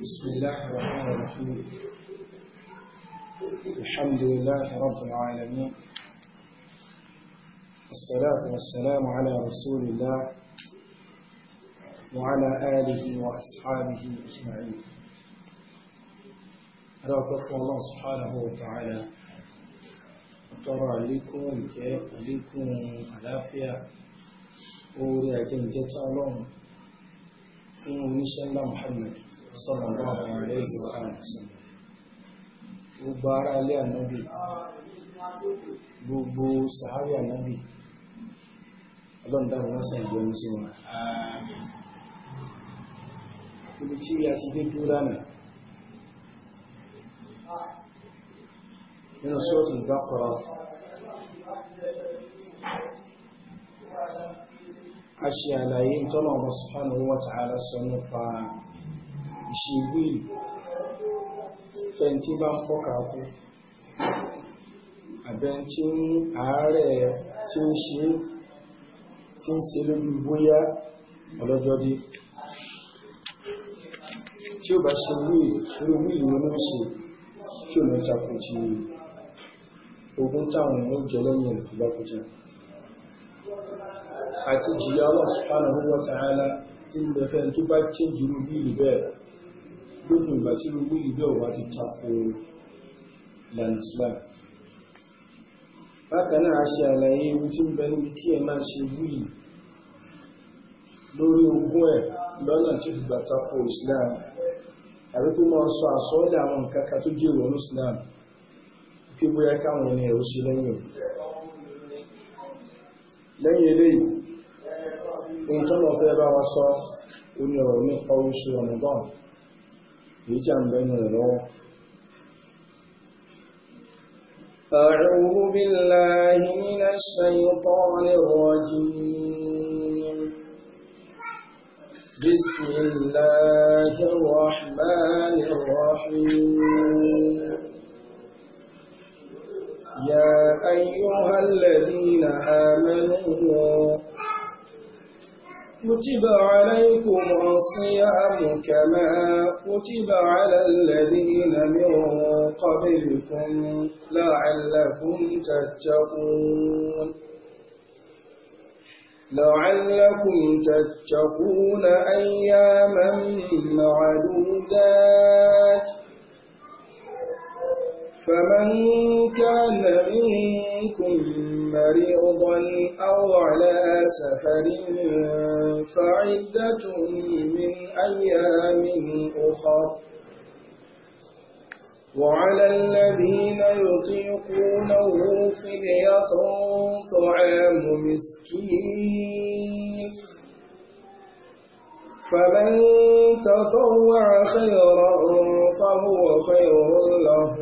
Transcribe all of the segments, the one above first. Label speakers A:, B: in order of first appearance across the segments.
A: بسم الله الرحمن الرحيم الحمد لله رب العالمين الصلاة والسلام على رسول الله وعلى آله وأصحابه أجمعين رب الله سبحانه وتعالى ترى àlékún ìjẹ́ àlékún àláfíà orí àjẹjẹta ọlọ́run في oníṣẹ́ ńlá sallallahu alaihi wa sallam gbogbo ara ilé ànábì gbogbo sàárì ànábì ọlọ́ndàmù náà sàn ìjọ ní sí wọn ibi tí a ti dé dúró lánàá nínú sọ́ọ̀tù ìgbàkọ̀ọ́ a ṣe àlàyé ìtọ́nà ọmọ subhanahu wa ta'ala sọ nípa ìṣe wíìlì fẹ́ntí bá ń fọ́ka kú àbẹ́ tí ń àárẹ̀ tí ń ṣe tí ń ṣe lórí bóyá ọlọ́jọ́ tí ó bá ṣe wíìlì lórí wíìlì wọn ló ṣe tí ò ní takò ogun táwọn ó jẹ lẹ́yìn ẹ̀rọ bá kọjá àti jìyà Allah subhanahu wa ta'ala tí ń bẹ fẹ́ tó bá ṣe jùlọ bí ìlú bẹ́ẹ̀ lópin ìgbà tí gbogbo ìgbẹ́ ọ̀wá ti tako ìlànà Islam bákan náà a ṣe àlàyé ewu tí ń bẹ níbi kí ẹ máa ṣe wíì lórí ogún ẹ̀ lọ́nà tí fi tako Islam àbí kó máa sọ àsọ́ọ́lẹ̀ àwọn nǹkan kan tó jẹ́ ìwọ̀n Islam kí bóyá káwọn ẹni ẹ̀rọ ṣe lẹ́yìn òun lẹ́yìn eléyìí èyí tó fẹ́ bá wa sọ ó ní ọ̀rọ̀ nípa oṣù Ramadan حجاب بين الروح أعوذ بالله من الشيطان الرجيم بسم الله الرحمن الرحيم يا أيها الذين آمنوا كتب عليكم الصيام كما كتب على الذين من قبلكم لعلكم تتقون لعلكم تتقون أياما معدودات فمن كان منكم مريضا أو على سفر فعدة من أيام أخر وعلى الذين يطيقونه فدية طعام مسكين فمن تطوع خيرا فهو خير له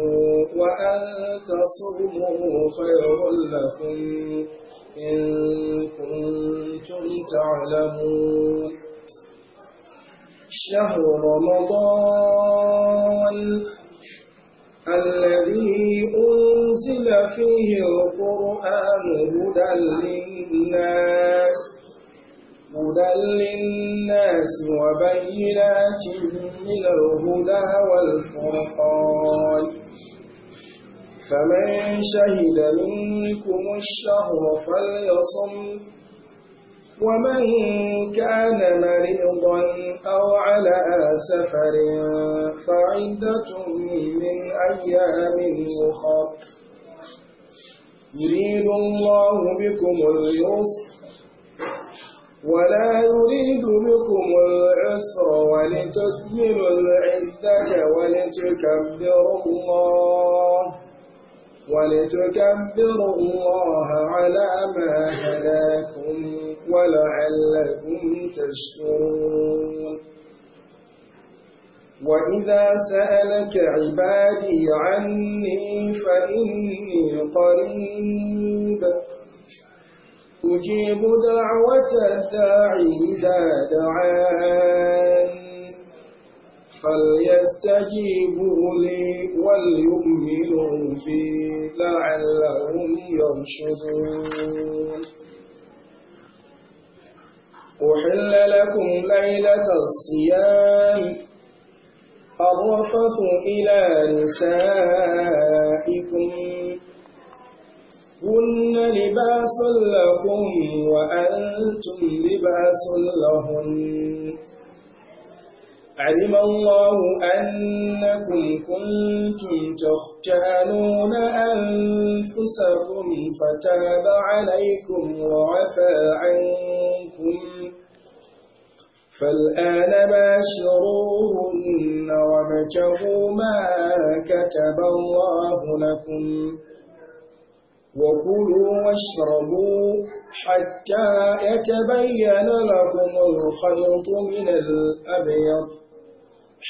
A: وأن تصوموا خير لكم إن كنتم تعلمون شهر رمضان الذي أنزل فيه القرآن هدى للناس هدى للناس وبينات من الهدى والفرقان فمن شهد منكم الشهر فليصم ومن كان مريضا أو على سفر فعدة من أيام أخر يريد الله بكم اليسر ولا يريد بكم العسر ولتكملوا العزة ولتكبروا الله ولتكبروا الله على ما هداكم ولعلكم تشكرون وإذا سألك عبادي عني فإني قريب أجيب دعوة الداعي إذا دعان فليستجيبوا لي وليؤمنوا بي لعلهم يرشدون أحل لكم ليلة الصيام الرفث إلى نسائكم هن لباس لكم وأنتم لباس لهم علم الله أنكم كنتم تختانون أنفسكم فتاب عليكم وعفى عنكم فالآن باشروهن وابتغوا ما كتب الله لكم وكلوا واشربوا حتى يتبين لكم الخيط من الأبيض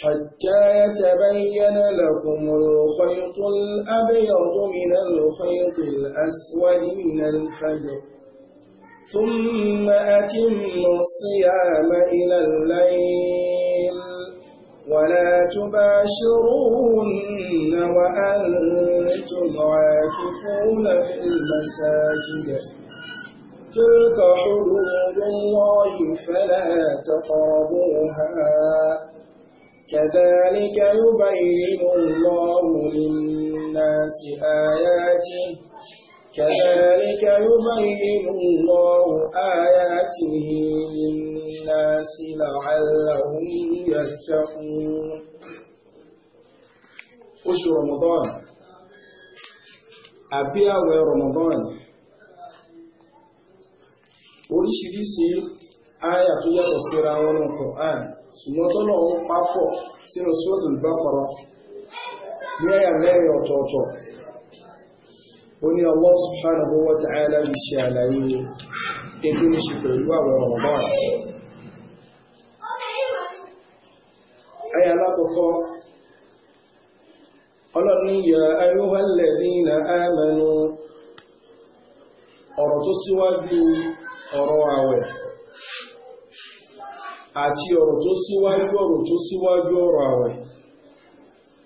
A: حتى يتبين لكم الخيط الأبيض من الخيط الأسود من الفجر ثم أتموا الصيام إلى الليل ولا تباشرون وأنتم عاكفون في المساجد تلك حدود الله فلا تقربوها كذلك يبين الله للناس آياته كذلك يبين الله آياته للناس للناس لعلهم يتقون oṣù رمضان àbí ورمضان. Ramadan oríṣiríṣi àyà tó yàtọ̀ síra wọn ní Qur'an ṣùgbọ́n tó lọ́wọ́ pápọ̀ sínú Suratul Baqara ní àyà mẹ́rin ọ̀tọ̀ọ̀tọ̀ ó ní Allah subhanahu wa ta'ala ìṣẹ́ àlàyé ẹgbẹ́ ní ṣe pẹ̀lú àwẹ̀ Ramadan ayé alákọ̀ọ́kọ́ ọlọ́ni yà ayúhàlẹ̀dínà àmànú ọ̀rọ̀ tó síwájú ọ̀rọ̀ àwẹ̀ àti ọ̀rọ̀ tó síwájú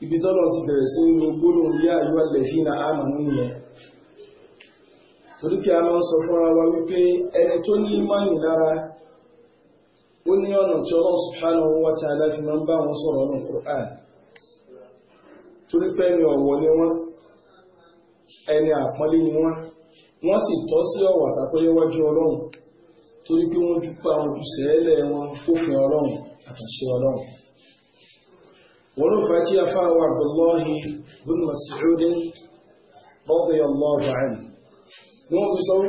A: ibi tọ́lọ̀ ti bẹ̀rẹ̀ sí ní gbólóhùn yà ayúhàlẹ̀dínà àmànú yẹn torí kí a máa ń sọ fúnra wa wípé ó ní ọ̀nà tí ọlọ́run subhanahu wa ta'ala fi máa ń bá wọn sọ̀rọ̀ ọ̀nà Qur'an torí pé ẹni ni wọ́n ẹni àpọ́nlé ni wọ́n wọ́n sì tọ́ sí ọ̀wọ̀ àtàkọ́yẹ́wájú ọlọ́run torí pé wọ́n wọn fófin ọlọ́run àtàṣe ọlọ́run ló fà kí Abdullahi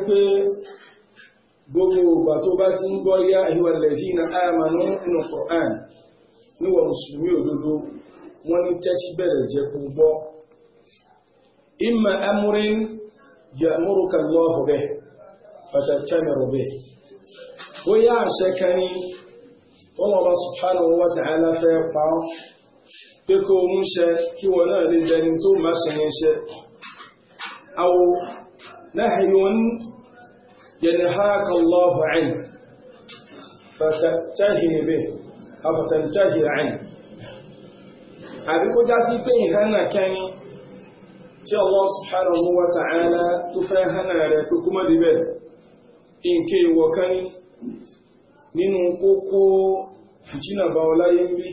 A: bin gbogbo ìgbà tó bá ti ń gbọ́ yá àyíwá lẹ́yìn àmànú nínú Qur'an níwọ̀n mùsùlùmí òdodo wọ́n ní tẹ́tí bẹ̀rẹ̀ jẹ́ kó gbọ́. imma amrin ya'muruka Allahu bih fatatamiru bih. bóyá àṣẹ kan ní Allah subhanahu wa ta'ala fẹ́ pa ọ́ pé kó o ń ṣe kí wọn náà lè dẹni tó má ṣe ṣe. àwọn náà ينهاك الله عنه فتنتهي به أو تنتهي عنه àbí kó já sí pé ìhánà kẹrin tí Allah subhanahu wa ta'ala tó fẹ́ hánà rẹ̀ tó kúmọ̀ níbẹ̀ ìǹkẹ́ ìwọ̀ kan nínú kókó fìjìnà bá ọláyé ń bí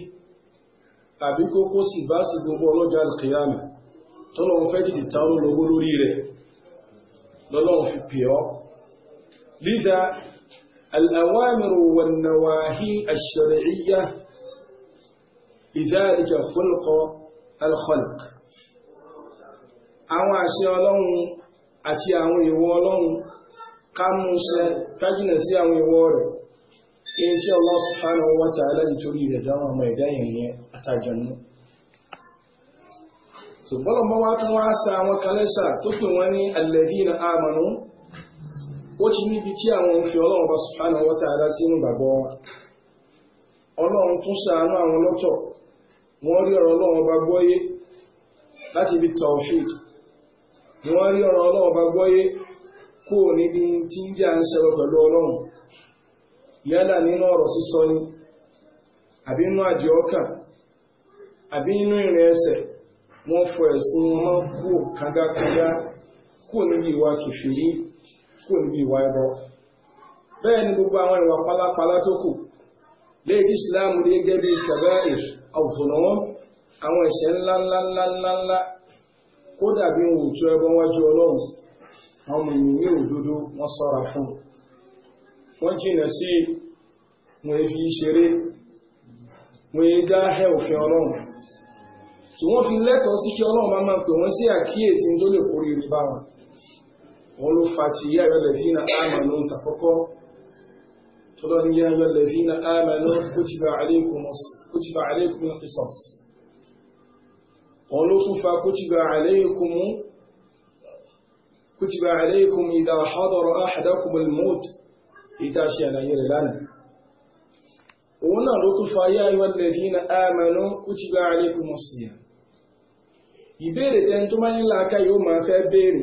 A: àbí kókó sì bá sì gbogbo ọlọ́jà al-qiyamah tọ́lọ́run fẹ́ tètè tààrọ̀ lọ́wọ́ lórí rẹ̀ lọ́lọ́run fi pè ọ́ لذا الأوامر والنواهي الشرعية لذلك خلق الخلق أو أشياء أتي أو يوالون قاموسا كاجنا سي أو يوال إن شاء الله سبحانه وتعالى تريد دوام ميدان يعني أتجنب سبحان الله ما واتوا عسى وكلسا تطلوني الذين آمنوا ó ti níbi tí àwọn ń fi ọlọ́run bá subhanahu wa ta'ala sínú ìgbàgbọ́ wọn ọlọ́run tún ṣàánú àwọn lọ́tọ̀ wọ́n rí ọ̀rọ̀ ọlọ́run bá gbọ́yé láti ibi tawhid ni wọ́n rí ọ̀rọ̀ ọlọ́run bá gbọ́yé kó o níbi tí ń jà ń ṣẹlọ pẹ̀lú ọlọ́run yálà nínú ọ̀rọ̀ sísọ ni àbí nínú àjẹ́ ọkàn àbí nínú ìrìn ẹsẹ̀ wọ́n fọ ẹ̀sìn wọn kú kángákángá kó o níbi ìwà kìfìrí kúrò níbi ìwà ẹbọ bẹ́ẹ̀ ni gbogbo àwọn ìwà pálapàla tó kù léèdí ìsìláàmù ní gẹ́gẹ́ bí kẹ̀bẹ́ àwùfọ̀nà wọn àwọn ẹ̀ṣẹ̀ ńláńláńláńlá kódà bí wọn ò tó ẹbọ wájú ọlọ́run àwọn ọmọ ìlú ní òdodo wọn sọ́ra fún wọn jìnà sí wọn fi ṣeré wọn dá ẹ òfin ọlọ́run tí wọ́n fi lẹ́tọ̀ọ́ sí kí ọlọ́run máa máa pè wọ́n sí àkíyèsí tó lè kórìírí wọn wọn ló fa ti yá ẹ̀rọ lẹ́fí na ámànú tàkọ́kọ́ tó lọ ní yá ẹ̀rọ lẹ́fí na ámànú kutiba alaykum qisas wọn ló tún fa kutiba alaykum kutiba alaykum idha hadara ahadakum al-maut ìta ṣe àlàyé rẹ̀ lánàá òun ìbéèrè tẹ́ tó máa yóò máa fẹ́ béèrè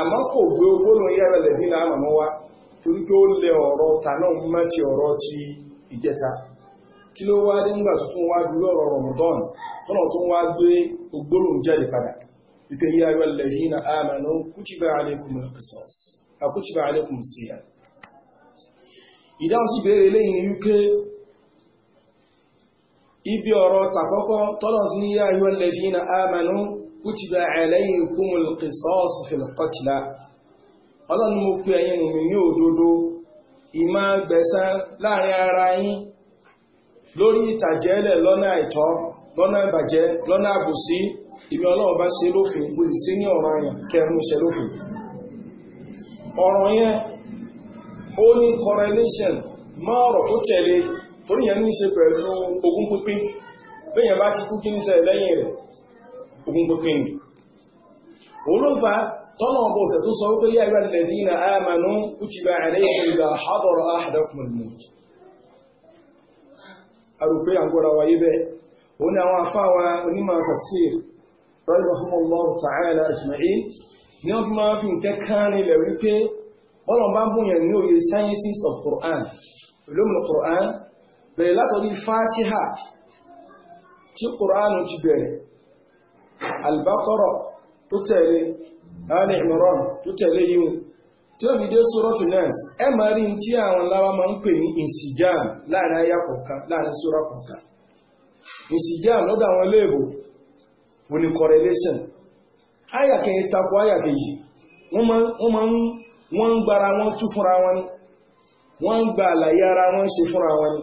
A: àmọ́ kò gbé ogbónú yára lẹ́sìn náà mọ̀mọ́ wá torí pé ó lẹ ọ̀rọ̀ ta náà má ti ọ̀rọ̀ ti ìjẹta kí ló wá dé nígbà tó tún wá dúró ọ̀rọ̀ rọ̀mọ̀tọ́n tọ́nà tó wá gbé ogbónú jáde padà wípé yára lẹ́sìn náà amanu kutiba alaykum al-qisas kutiba alaykum as-siyam ìdáhùn sí ìbéèrè lẹ́yìn wípé ibi ọ̀rọ̀ tàkọ́kọ́ tọ́lọ̀ sí ní yára lẹ́sìn náà kutiba alaykumul qisas fil qatla ọlọ́run mo pe ẹ̀yin mùmí ní òdodo ìmọ̀ gbẹ̀san láàrin ara yín lórí ìtàjẹ́lẹ̀ lọ́nà àìtọ́ lọ́nà ìbàjẹ́ lọ́nà àbòsí ìmọ̀ ọlọ́run bá ṣe lófin bó sì sí ní ọ̀rọ̀ àyàn kẹrin ṣe lófin ọ̀rọ̀ yẹn ó ní correlation mọ́ ọ̀rọ̀ tó tẹ̀lé torí yẹn ní ṣe pẹ̀lú ogún pínpín bẹ́yẹn bá ti kú kí ní ṣe lẹ́yìn rẹ̀ ogun pínpín ni òun ló fà tọ́nà ọ̀bọ̀ ọ̀sẹ̀ tó sọ wípé yáyọ lẹ́sí na ámànú kútìbà àlẹ́yìn ìgbà àbọ̀rọ̀ àhàdọ́kùnrin mú àrùpé àgbọ̀ra wáyé bẹ́ẹ̀ òun ni àwọn afáwa onímọ̀ tafsir rahimahumullahu Al-Baqara tó tẹ̀lé Ali Imran tó tẹ̀lé yíò tí ó fi dé Suratu Nas ẹ máa rí tí àwọn láwa máa ń pè ní ìsìjáàm láàrin ayá kọ̀ọ̀kan láàrin sura kọ̀ọ̀kan ìsìjáàm lọ́dọ̀ àwọn iléèbò wọ́n ni correlation ayà kẹ́yìn takò ayà kejì wọ́n máa ń wọ́n ń gbára wọn tú fúnra wọn ni wọ́n ń gba àlàyé ara wọn ṣe fúnra wọn ni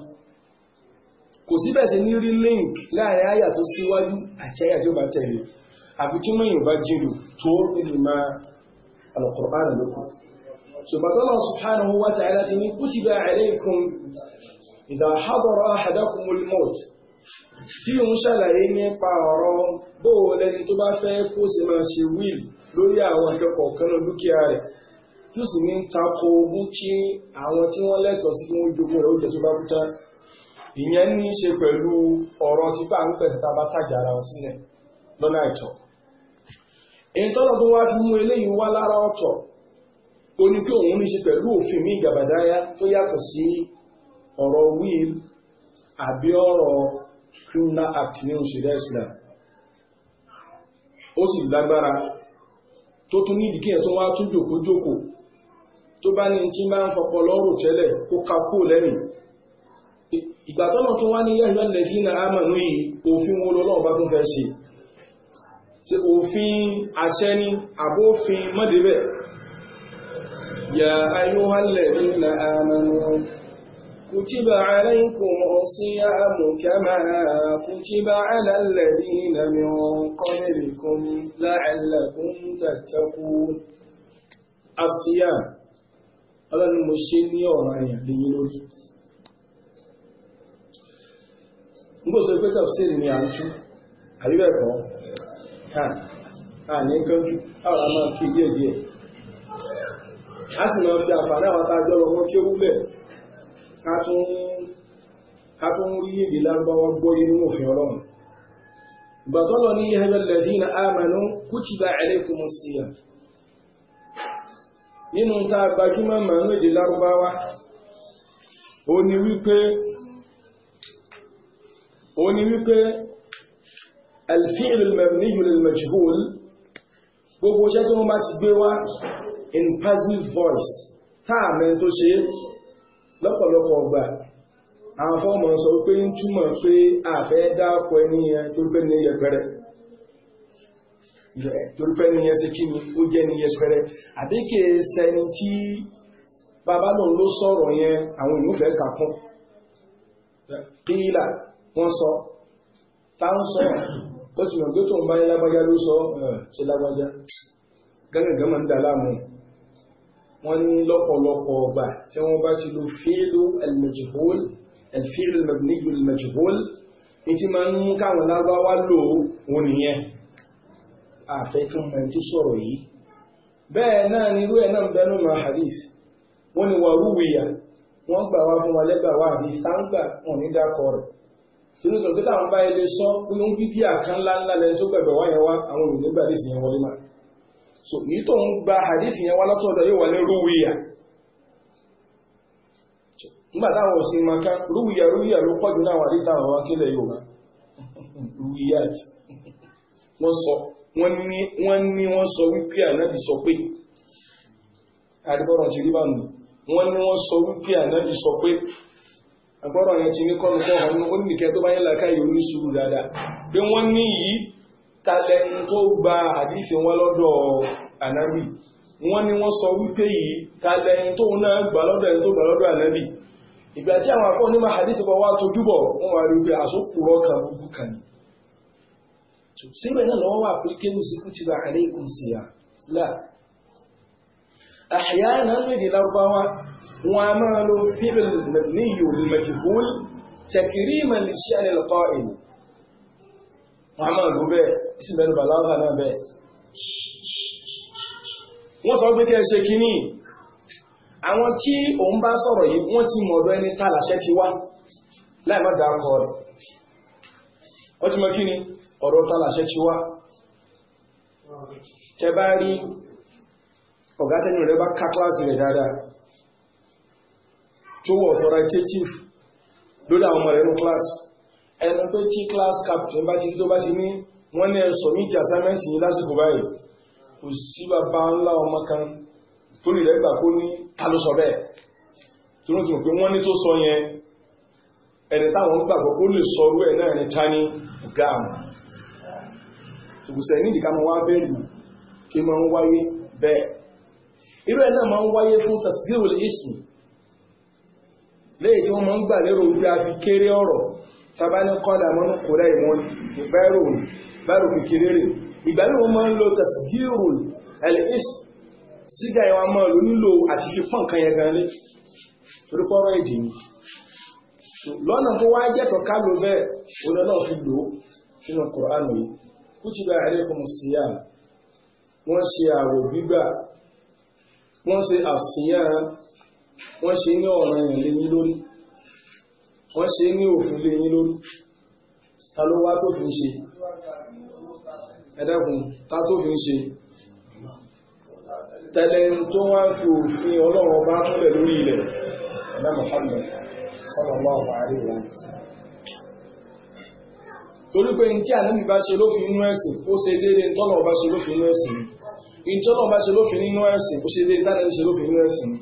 A: kò síbẹ̀ sí ní rí link láàrin àyà tó síwájú àti àyà tí ó bá tẹ̀lé àfi tí mọ̀ yóò bá jìnlù tó nílùú máa al-Qur'an lókun ṣùgbọ́n Allah subhanahu wa ta'ala ti ní kutiba alaykum idha hadara ahadakumul maut tí òun ṣàlàyé nípa ọ̀rọ̀ bóò lẹni tó bá fẹ́ kó sì máa ṣe ìyẹn ní í ṣe pẹ̀lú ọ̀rọ̀ tí bá ń pẹ̀sẹ̀ tàbá tàjà ara wọn sílẹ̀ lọ́nà ìtọ̀ ìtọ́nà tó wá fi mú eléyìí wá lára ọ̀tọ̀ ó ní pé òun ní ṣe pẹ̀lú òfin mí gàbàdáyá tó yàtọ̀ sí ọ̀rọ̀ will àbí ọ̀rọ̀ criminal act ní òṣèré Islam ó sì lágbára tó tún ní ìdíkẹ́ tó wá tún jòkó jòkó tó bá ní tí máa ń fọpọ lọ́rùn tẹ́lẹ̀ kó ká kú lẹ́yìn ìgbà tọ́nà tún wá ní yẹ́hìnà lẹ́fínà àmànú yìí òfin wo lọ́lọ́run bá tún fẹ́ ṣe ṣe òfin àṣẹ ni àbófin mọ́débẹ̀ yà ayúhà lẹ́fínà àmànú kùtìbà aláìkùn síyàmù lórí nígbòsọ pé tafsiri ni à ń tú àríwẹ̀kọ́ àní kánjú àwọn àmà kí díẹ̀ díẹ̀ a sì máa fi àǹfààní àwọn àtàjọ ọmọ kí ó wúlẹ̀ ká tún rí èdè lárúbáwá gbọ́ inú òfin ọlọ́run ìgbà tọ́lọ̀ ní ẹgbẹ́ lẹ́sìn àmàlú kutiba alaykumus siyam nínú ta gbajúmọ̀ màánú èdè lárúbáwá ó ní wípé ó ní wípé alfi'il al-mabni lil-majhul gbogbo iṣẹ́ tí wọ́n ti gbé wá in passive voice táàmẹ́ tó ṣe lọ́pọ̀lọpọ̀ ọgbà àwọn fọ́ọ̀mù sọ pé ń túmọ̀ pé àfẹ́ dáàpọ̀ ẹni yẹn tó pẹ́ ní yẹpẹrẹ torí pé ẹniyẹn ṣe kí ni ó jẹ́ ẹniyẹn pẹrẹ àbí kì tí bàbá ló sọ̀rọ̀ yẹn àwọn ìlú fẹ́ kà wọ́n sọ tá ń sọ ó ti mọ̀ pé tóun bá ní lágbájá ló sọ ṣe lágbájá gángan máa ń dà láàmú wọ́n ní lọ́pọ̀lọpọ̀ ọgbà tí wọ́n bá ti lo fíìlù al-majhul al-fíìlù ní ti máa ń mú káwọn lágbáwá lò wọn nìyẹn àfẹ́ tó mọ̀ tó sọ̀rọ̀ yìí bẹ́ẹ̀ náà ni irú ẹ̀ náà bẹnu ma hadith wọ́n ní wà rúwìyà wọ́n gbà wá fún wa lẹ́gbàá wa hadith sáńgbà wọn ní dákọ̀ rẹ̀ sínú tó da táwọn bá sọ pé ó ń na kan ńláńlá lẹni tó gbẹ̀gbẹ̀ wáyẹ wá àwọn òyìnbó gbà dé yẹn wọlé máa so èyí tó ń gba àdéhìí yẹn wá látọ̀dọ̀ yóò wà ní rúwìyà nígbà táwọn òsì máa ká rúwìyà rúwìyà ló táwọn akílẹ̀ yóò rúwìyà wọ́n sọ wọ́n ní wọ́n sọ sọ pé ti rí bá wọ́n ní wọ́n sọ wípé sọ pé agbọ́rọ̀ yẹn ti ní kọ́nù kọ́ ọ̀nà ó nìkẹ́ tó bá yẹ́ làkà yìí oníṣùúrù dáadáa pé wọ́n ní yìí talẹ́nu tó gba àdífẹ́ wọn lọ́dọ̀ ànábì wọ́n ní wọ́n sọ wípé yìí talẹ́nu tó náà gbà lọ́dọ̀ ẹni tó gbà lọ́dọ̀ ànábì ìgbà tí àwọn akọ́ onímọ̀ àdífẹ́ bá wá tójú bọ̀ wọ́n wá rí pé àsopùrọ̀ kan gbogbo kan ni. síbẹ̀ náà lọ́wọ́ wà pé kéwù sí àlẹ́ ìkùnsìyà lá àṣìyá náà lè dé lárúbáwá wọn a máa lo fíbìl ní yòlù majhul tẹkìrìmà lè ṣe àlè lọ́kọ́ èyí wọn a máa lo bẹ́ẹ̀ sí bẹ́ẹ̀ bàlágà náà bẹ́ẹ̀ wọ́n sọ pé kí ẹ ṣe kínní àwọn tí òun bá sọ̀rọ̀ yìí wọ́n ti mọ̀ ọ̀dọ̀ ẹni tá làṣẹ ti wá láì má dárúkọ rẹ̀ wọ́n ti mọ kí ni tá làṣẹ ti wá tẹ bá rí ọ̀gá tẹ́nu rẹ̀ bá ká kíláàsì rẹ̀ dáadáa tó wọ̀ authoritative lórí àwọn ọmọ rẹ̀ nínú class ẹni pé tí class captain bá ti tó bá ti ní wọ́n ní ẹ̀sọ̀ méjì assignment yìí lásìkò báyìí kò sí bàbá ńlá ọmọ kan tó lè rẹ́gbà kó ní ta ló sọ bẹ́ẹ̀ tó ní tìmọ̀ pé wọ́n ní tó sọ yẹn ẹni táwọn ń gbàgbọ́ kó lè sọ orú ẹ̀ náà ní tani gam ṣùgbùsẹ̀ nídìí ká máa wá bẹ́ẹ̀lù kí máa ń wáyé bẹ́ẹ̀ irú ẹ̀ náà máa ń wáyé fún tasgirul ismi léyìí tí wọ́n máa ń gbà lérò bí a fi kéré ọ̀rọ̀ tàbá ní kọ́lá mọ́nú kò rẹ̀ ìmọ̀ ìbẹ́rù bẹ́rù kékeré rẹ̀ ìgbà ní wọ́n máa ń lo tasgiru ls sígá ìwà máa lò nílò àti fi pọ́n kan yẹn gan lé orípọ́rọ́ èdè ni lọ́nà tó wáá jẹ́tọ̀ ká ló bẹ́ẹ̀ náà fi lò ó nínú kùránù yìí kútìbà àríkùn síyàm wọ́n ṣe àwò gbígbà wọ́n ṣe àṣìyàn wọ́n ṣe ní ọ̀ràn èèyàn léyìn lórí wọ́n ṣe ní òfin léyìn lórí ta ló wá tó fi ń ṣe ẹ̀dẹ́kùn ta tó fi ń ṣe tẹ́lẹ̀ tó wá fi òfin ọlọ́run ọba túnlẹ̀ lórí ilẹ̀ ẹ̀dá Muhammad sallallahu alaihi wa torí pé tí ànábì bá ṣe lófin inú ẹ̀sìn ó ṣe déédéé tọ́lọ̀ bá ṣe lófin inú ẹ̀sìn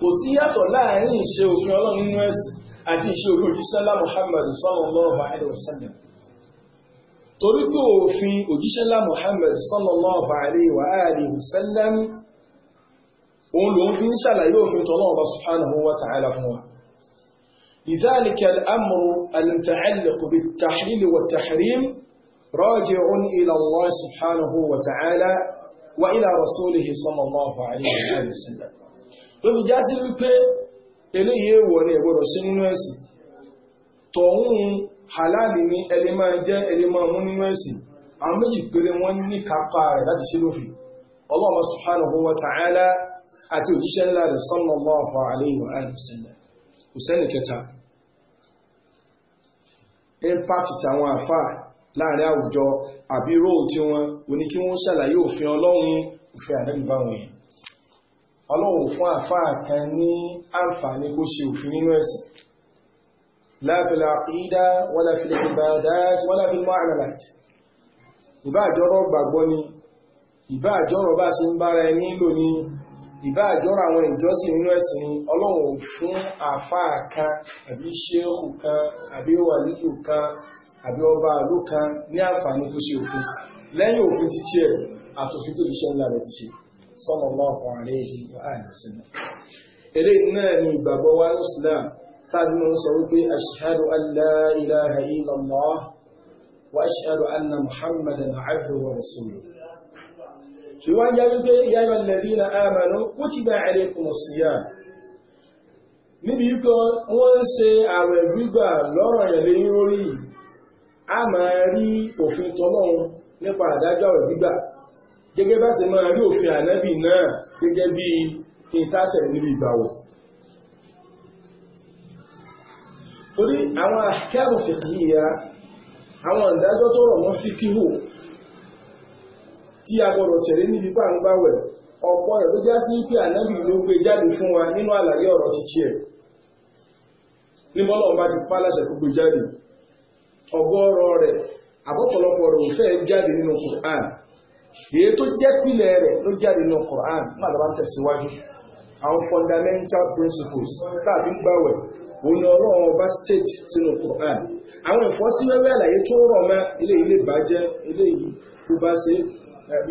A: kò sí yàtọ̀ láàrin ìṣe òfin ọlọ́run nínú ẹ̀sìn àti ìṣe òfin òjíṣẹ́lá Muhammad sallallahu alaihi wasallam torí pé òfin òjíṣẹ́lá Muhammad sallallahu alaihi wa alihi wasallam òun lòun fi ń ṣàlàyé òfin tọ́lọ́run subhanahu wa ta'ala fún wa لذلك الأمر المتعلق بالتحليل والتحريم راجع إلى الله سبحانه وتعالى وإلى رسوله صلى الله عليه وسلم ló fi já sí wípé eléyìí èèwọ̀ ni ẹ̀gbọ́dọ̀ sí nínú ẹ̀sìn tọ̀hún halali ni ẹni máa jẹ́ ẹni máa mú nínú ẹ̀sìn àwọn méjì péré wọ́n ní kápá rẹ̀ láti ṣe lófin Allah subhanahu wa ta'ala àti òjíṣẹ́ ńlá rẹ̀ sallallahu alayhi wa sallam kò sẹ́ni kẹta impact tàwọn àfáà láàrin àwùjọ àbí róò tí wọn oní kí wọ́n ṣàlàyé òfin ọlọ́run òfin àdẹ́gbàwọ̀n yẹn ọlọ́run fún àfáà kan ní àǹfààní kó ṣe òfin nínú ẹ̀sìn láàfilà ìdá wọ́lá fi ìbádáàtì wọ́lá fi mọ́ àrẹ̀láàtì ni ìbáàjọ́rọ̀ bá ṣe ń bára ẹni lò ní ìbáàjọ́rọ̀ àwọn ìjọsìn nínú ẹ̀sìn ọlọ́run fún àfáà kan àbí ṣéhù kan àbí wàlíyù kan àbí ọba àlú kan sallallahu alayhi wa alihi wasallam eré náà ni ìgbàgbọ́ wa islam tàbí mọ́ sọ wípé ashhadu an la ilaha illallah wa ashhadu anna muhammadan abduhu wa rasuluhu ṣe wá yá wípé ya ayyuhal ladhina amanu kutiba alaykumus siyam níbi ikọ̀ wọ́n ń ṣe àwẹ̀ gbígbà lọ́rọ̀ ìrẹ̀lẹ̀ yín a máa rí òfin tọ́lọ́run nípa àdájọ́ àwẹ̀ gbígbà gẹ́gẹ́ bá sì máa rí òfin ànábì náà gẹ́gẹ́ bí kí n tásẹ̀ níbi ìgbàwọ̀ torí àwọn ahkamu fiqhiyya àwọn ìdájọ́ tó rọ̀ mọ́ fíkíhù tí a gbọ́dọ̀ tẹ̀lé níbi pàǹgbáwẹ̀ ọ̀pọ̀ rẹ̀ tó já sí pé ànábì ló gbé jáde fún wa nínú àlàyé ọ̀rọ̀ títí ẹ̀ ní bọ́lọ̀ bá ti pa láṣẹ gbogbo jáde ọgọ́rọ̀ rẹ̀ àbọ̀pọ̀lọpọ̀ rẹ̀ ò fẹ́ jáde nínú Qur'an èyí tó jẹ́ pìlẹ̀ rẹ̀ ló jáde nínú Quran nígbà tó ń tẹ̀síwájú àwọn fundamental principles tàbí gbàwẹ̀ òun ọlọ́run ọba state sínú Quran àwọn ìfọ́síwẹ́wẹ́ àlàyé tó rọ̀ mọ́ eléyìí lè bàjẹ́ eléyìí kò bá ṣe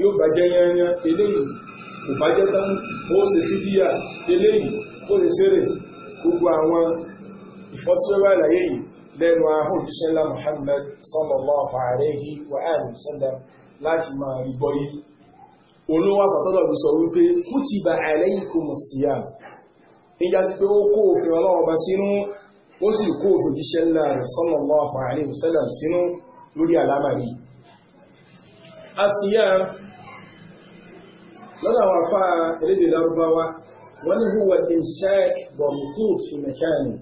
A: yóò bàjẹ́ yányán eléyìí kò bàjẹ́ tán ó ṣe fídíà eléyìí ó lè ṣeré gbogbo àwọn ìfọ́síwẹ́wẹ́ àlàyé yìí lẹ́nu ahọ́n Muhammad sallallahu alaihi wa alihi láti máa rí gbọ́yé olówó àpàtọ́lọ̀ fi sọ wípé kútìbà alaykumus siyam níjà sí pé ó kó òfin ọlọ́run ọba sínú ó sì kó òfin jíṣẹ́ ńlá rẹ̀ sallallahu alaihi wasallam sínú lórí àlámàrí asiyam lọ́dọ̀ àwọn afá elédè lárúbáwá wọ́n ní huwa inshaq wa ruku' fi makani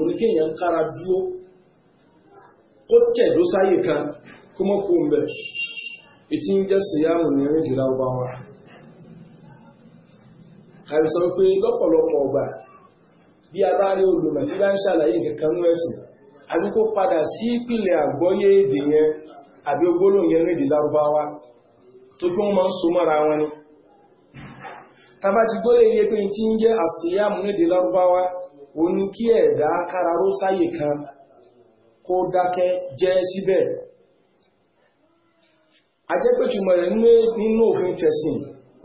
A: oníkéèyàn kára dúó kó tẹ̀dó sáyè kan kó mọ́ kó ń bẹ̀rẹ̀ ètí ń jẹ́ síyáàmù ní ọgba a bá rí olùmọ̀ tí bá ń ṣàlàyé kankan nú padà sí ìpìlẹ̀ àgbọ́yé àbí ogbóló yẹn lárúbáwá tó wọn máa ń so mọ́ra wọn ni ti gbọ́lé pé ń jẹ́ lárúbáwá ẹ̀dá kan ajẹ́pẹ̀tùmọ̀ rẹ̀ nínú òfin tẹ̀sìn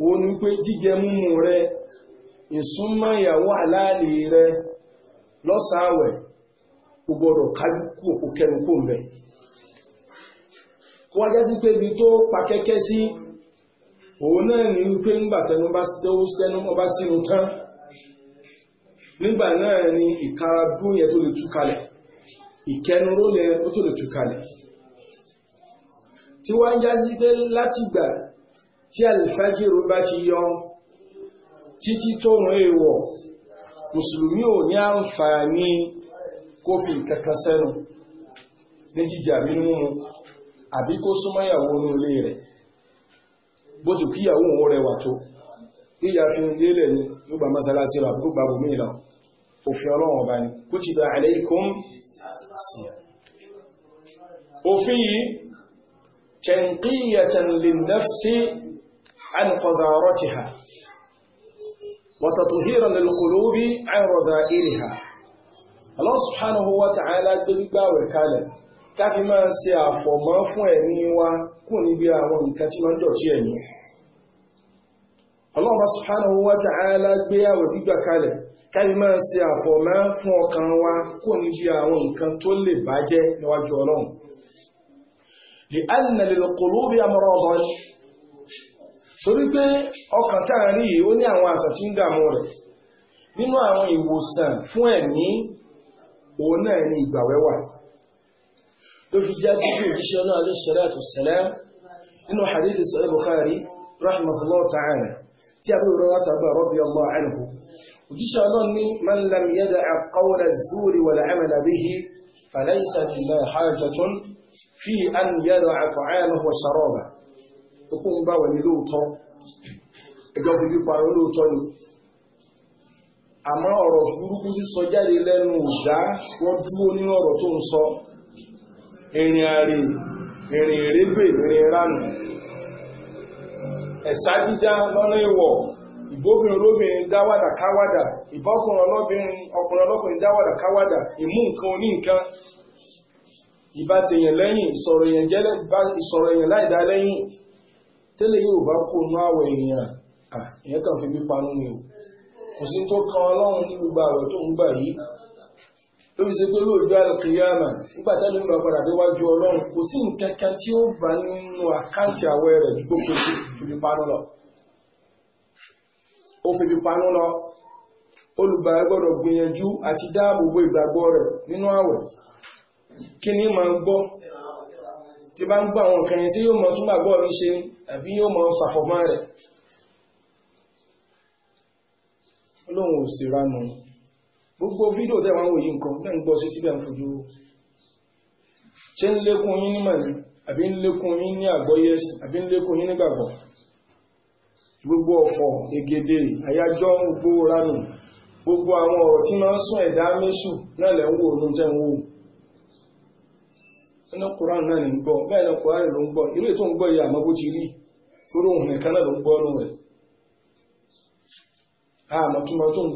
A: òun ni pé jíjẹ múmu rẹ ìsúnmọ́ ìyàwó àláàlì rẹ lọsa gbogbo kájúkú òkú kẹnu kó wájá sí pé ibi tó pa kẹ́kẹ́ sí òun náà ní wípé ńgbà tẹnu bá tẹnu bá sínú tán nígbà náà ni ìkaradún yẹn tó lè tú kalẹ̀ ìkẹnuró yẹn tó lè tú tí wọ́n ń jásí pé látìgbà tí àlìfájìrò bá ti yọ títí tóun èèwọ̀ mùsùlùmí ò ní àǹfààní kó fi kankan sẹ́nu ní jíjà bí mímu àbí kó súnmọ́ ìyàwó inú ilé rẹ̀ bó ti kí ìyàwó òun rẹwà tó ìyà fi ń lélẹ̀ ni ló bá rà gbogbo àbòmí ìlà òfin ọlọ́run ọba ni kutiba alaykum òfin yìí تنقية للنفس عن قذارتها وتطهيرا للقلوب عن رذائلها Allah subhanahu wa ta'ala gbé gbígbà wẹ̀ kalẹ̀ káfí máa ṣe àfọ̀mọ́ fún ẹ̀mí wa kù níbi àwọn nǹkan tí wọ́n dọ̀tí ẹ̀mí. Allah subhanahu wa ta'ala gbé àwẹ̀ gbígbà kalẹ̀ لأن للقلوب أمراضا torí pé ọkàn tá a rí yìí ó ní àwọn àṣà tí ń dààmú rẹ̀ nínú àwọn ìwòsàn fún ẹ̀mí òun náà ní ìgbà wẹ́wà ló fi já sí bí òjíṣẹ́ náà lè ṣẹlẹ̀ àtúnṣẹlẹ̀ nínú hadith sọ̀rọ̀ Bukhari rahimahullah ta'ala tí a bí fi an yẹ́rọ àfàáyàmọ́ wọ ṣàrọ́bà ikú ń bá wà ní lóòótọ́ ẹjọ́ fífi parọ́ lóòótọ́ ni àmọ́ ọ̀rọ̀ burúkú sísọ jáde lẹ́nu ìdá wọ́n tó sọ ìrìn àrè ìrìn ìrégbè ìrìn ìránù ẹ̀sá dídá lọ́nà ìwọ̀ ìbóbìnrin káwàdà ọkùnrin káwàdà ìmú nǹkan oní nǹkan ìbá ti yẹn lẹ́yìn ìsọ̀rọ̀ yẹn jẹ́lẹ̀ bá ìsọ̀rọ̀ yẹn láìdá lẹ́yìn tẹ́lẹ̀ yóò bá kó nú àwẹ̀ èèyàn à ìyẹn kàn fi mí panu ni o kò sí tó kan ọlọ́run ní gbogbo àwẹ̀ tó ń gbà yìí ló fi ṣe pé lóòjọ́ àlùkìyàmà nígbà tẹ́lẹ̀ ń bá padà déwájú ọlọ́run kò sí nǹkan kan tí ó bá nínú àkáǹtì àwẹ̀ rẹ̀ gbogbo kò sí fi panu lọ ó fi fi panu lọ olùgbà gbọ́dọ̀ gbìyànjú àti dáàbò kí ni máa gbọ́ tí bá ń gbọ́ àwọn nǹkan yẹn tí yóò mọ túnbà gbọ́ mi ṣe àbí yóò mọ ṣàfọ̀mọ́ rẹ̀ olóhùn ò sì ránu gbogbo fídíò tẹ́ wọ́n ń wò yí nǹkan bẹ́ẹ̀ ń gbọ́ sí tí bẹ́ẹ̀ ń fojú ṣé ń lékún yín ní màlí àbí ń lékún yín ní àgbọ́yé ẹ̀sìn àbí ń lékún yín nígbàgbọ́ gbogbo ọ̀fọ̀ egede àyájọ́ gbogbo ránù gbogbo àwọn ọ̀rọ̀ tí máa ń sún ẹ̀dá méṣù náà lẹ́ ń wò ń wò na Quran na ní gbọ́ bẹ́ẹ̀ ni Quran ló ń gbọ́ irú ètò ń gbọ́ yìí àmọ́ bó ti rí torí òun nìkan ló ń gbọ́ lóhùn rẹ̀ àmọ́ tó máa tó ń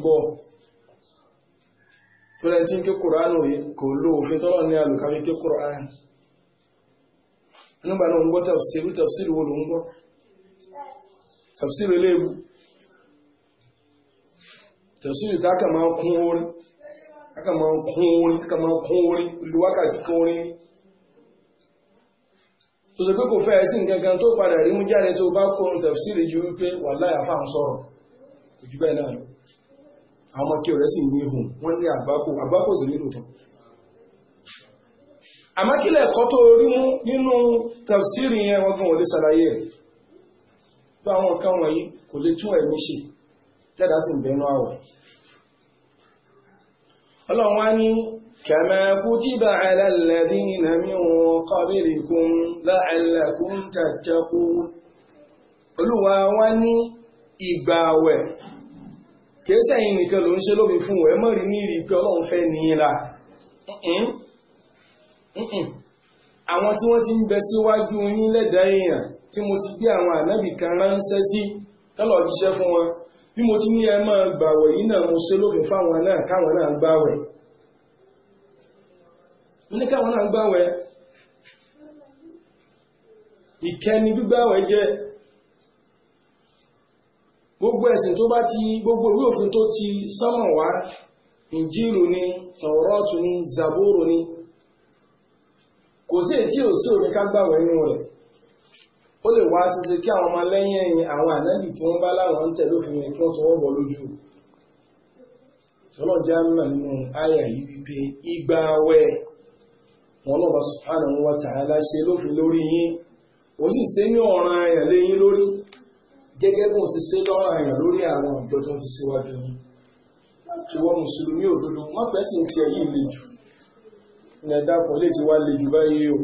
A: Quran kò lo òfin tọ́lọ́ Quran nígbà náà ń gbọ́ tafsiru tafsiru wo ló ń gbọ́ tafsiru eléwu tafsiru tá a kún a kà kún orin a kà kún orin wákàtí kún tó ṣe pé kò fẹ́ sí nǹkan tó padà rí mú jáde tó bá kó ohun tẹ̀síìrì ju wípé wà láyà fáwọn sọ̀rọ̀ ojú bẹ́ẹ̀ náà lọ àwọn ọmọ kí ọ̀rẹ́ sì ní ihun wọ́n ní àgbákò àgbákò sì nílò tán àmọ́ kí lẹ́ẹ̀kọ́ tó rí mú nínú tẹ̀síìrì yẹn wọ́n gan ò ṣàlàyé ẹ̀ bá àwọn nǹkan wọ̀nyí kò lè tún ẹ̀mí ṣe tẹ́dá sì ń bẹnu àwẹ̀ ọlọ́run wá ní كما كتب على الذين من قبلكم لعلكم تتقون olúwa wa ní ìgbààwẹ̀ kìí sẹ́yìn nìkan ló ń ṣe lóbi fún ẹ mọ́rin ní ìrì ọlọ́run fẹ́ ní ìlà àwọn tí wọ́n ti ń bẹ síwájú yín lẹ́dàá èèyàn tí mo ti gbé àwọn ànábì kan ránṣẹ́ sí tọ́lọ̀ jíṣẹ́ fún wọn bí mo ti ní ẹ máa gbààwẹ̀ yìí náà mo ṣe lófin fáwọn náà káwọn náà gbààwẹ̀ ní káwọn náà gbáwẹ̀ ìkẹni gbígbáwẹ̀ jẹ́ gbogbo ẹ̀sìn tó bá ti gbogbo ìwé òfin tó ti sánmọ̀ wá ìjírù ni tọ̀rọ̀tù ni zàbórò ni kò sí ètí ò sí òní ká gbàwẹ̀ nínú rẹ̀ ó lè wá ṣíṣe kí àwọn ọmọ lẹ́yìn àwọn ànábì tí wọ́n bá láwọn ń tẹ̀lé òfin yẹn kí wọ́n tọwọ́ bọ̀ lójú ọlọ́jà mímọ̀ nínú àyà yìí wọn lọ́ba subhanahu wa ta'ala ṣe lófin lórí yín ó sì ṣe ní ọ̀ràn àyàn lé yín lórí gẹ́gẹ́ bó ṣe ṣe lọ́ràn àyàn lórí àwọn ìjọ tó ń fi síwájú yín ṣùgbọ́n mùsùlùmí òdodo má fẹ́ sì ń tiẹ̀ yìí le jù ní ẹ̀dá kan lè ti wá le jù báyìí o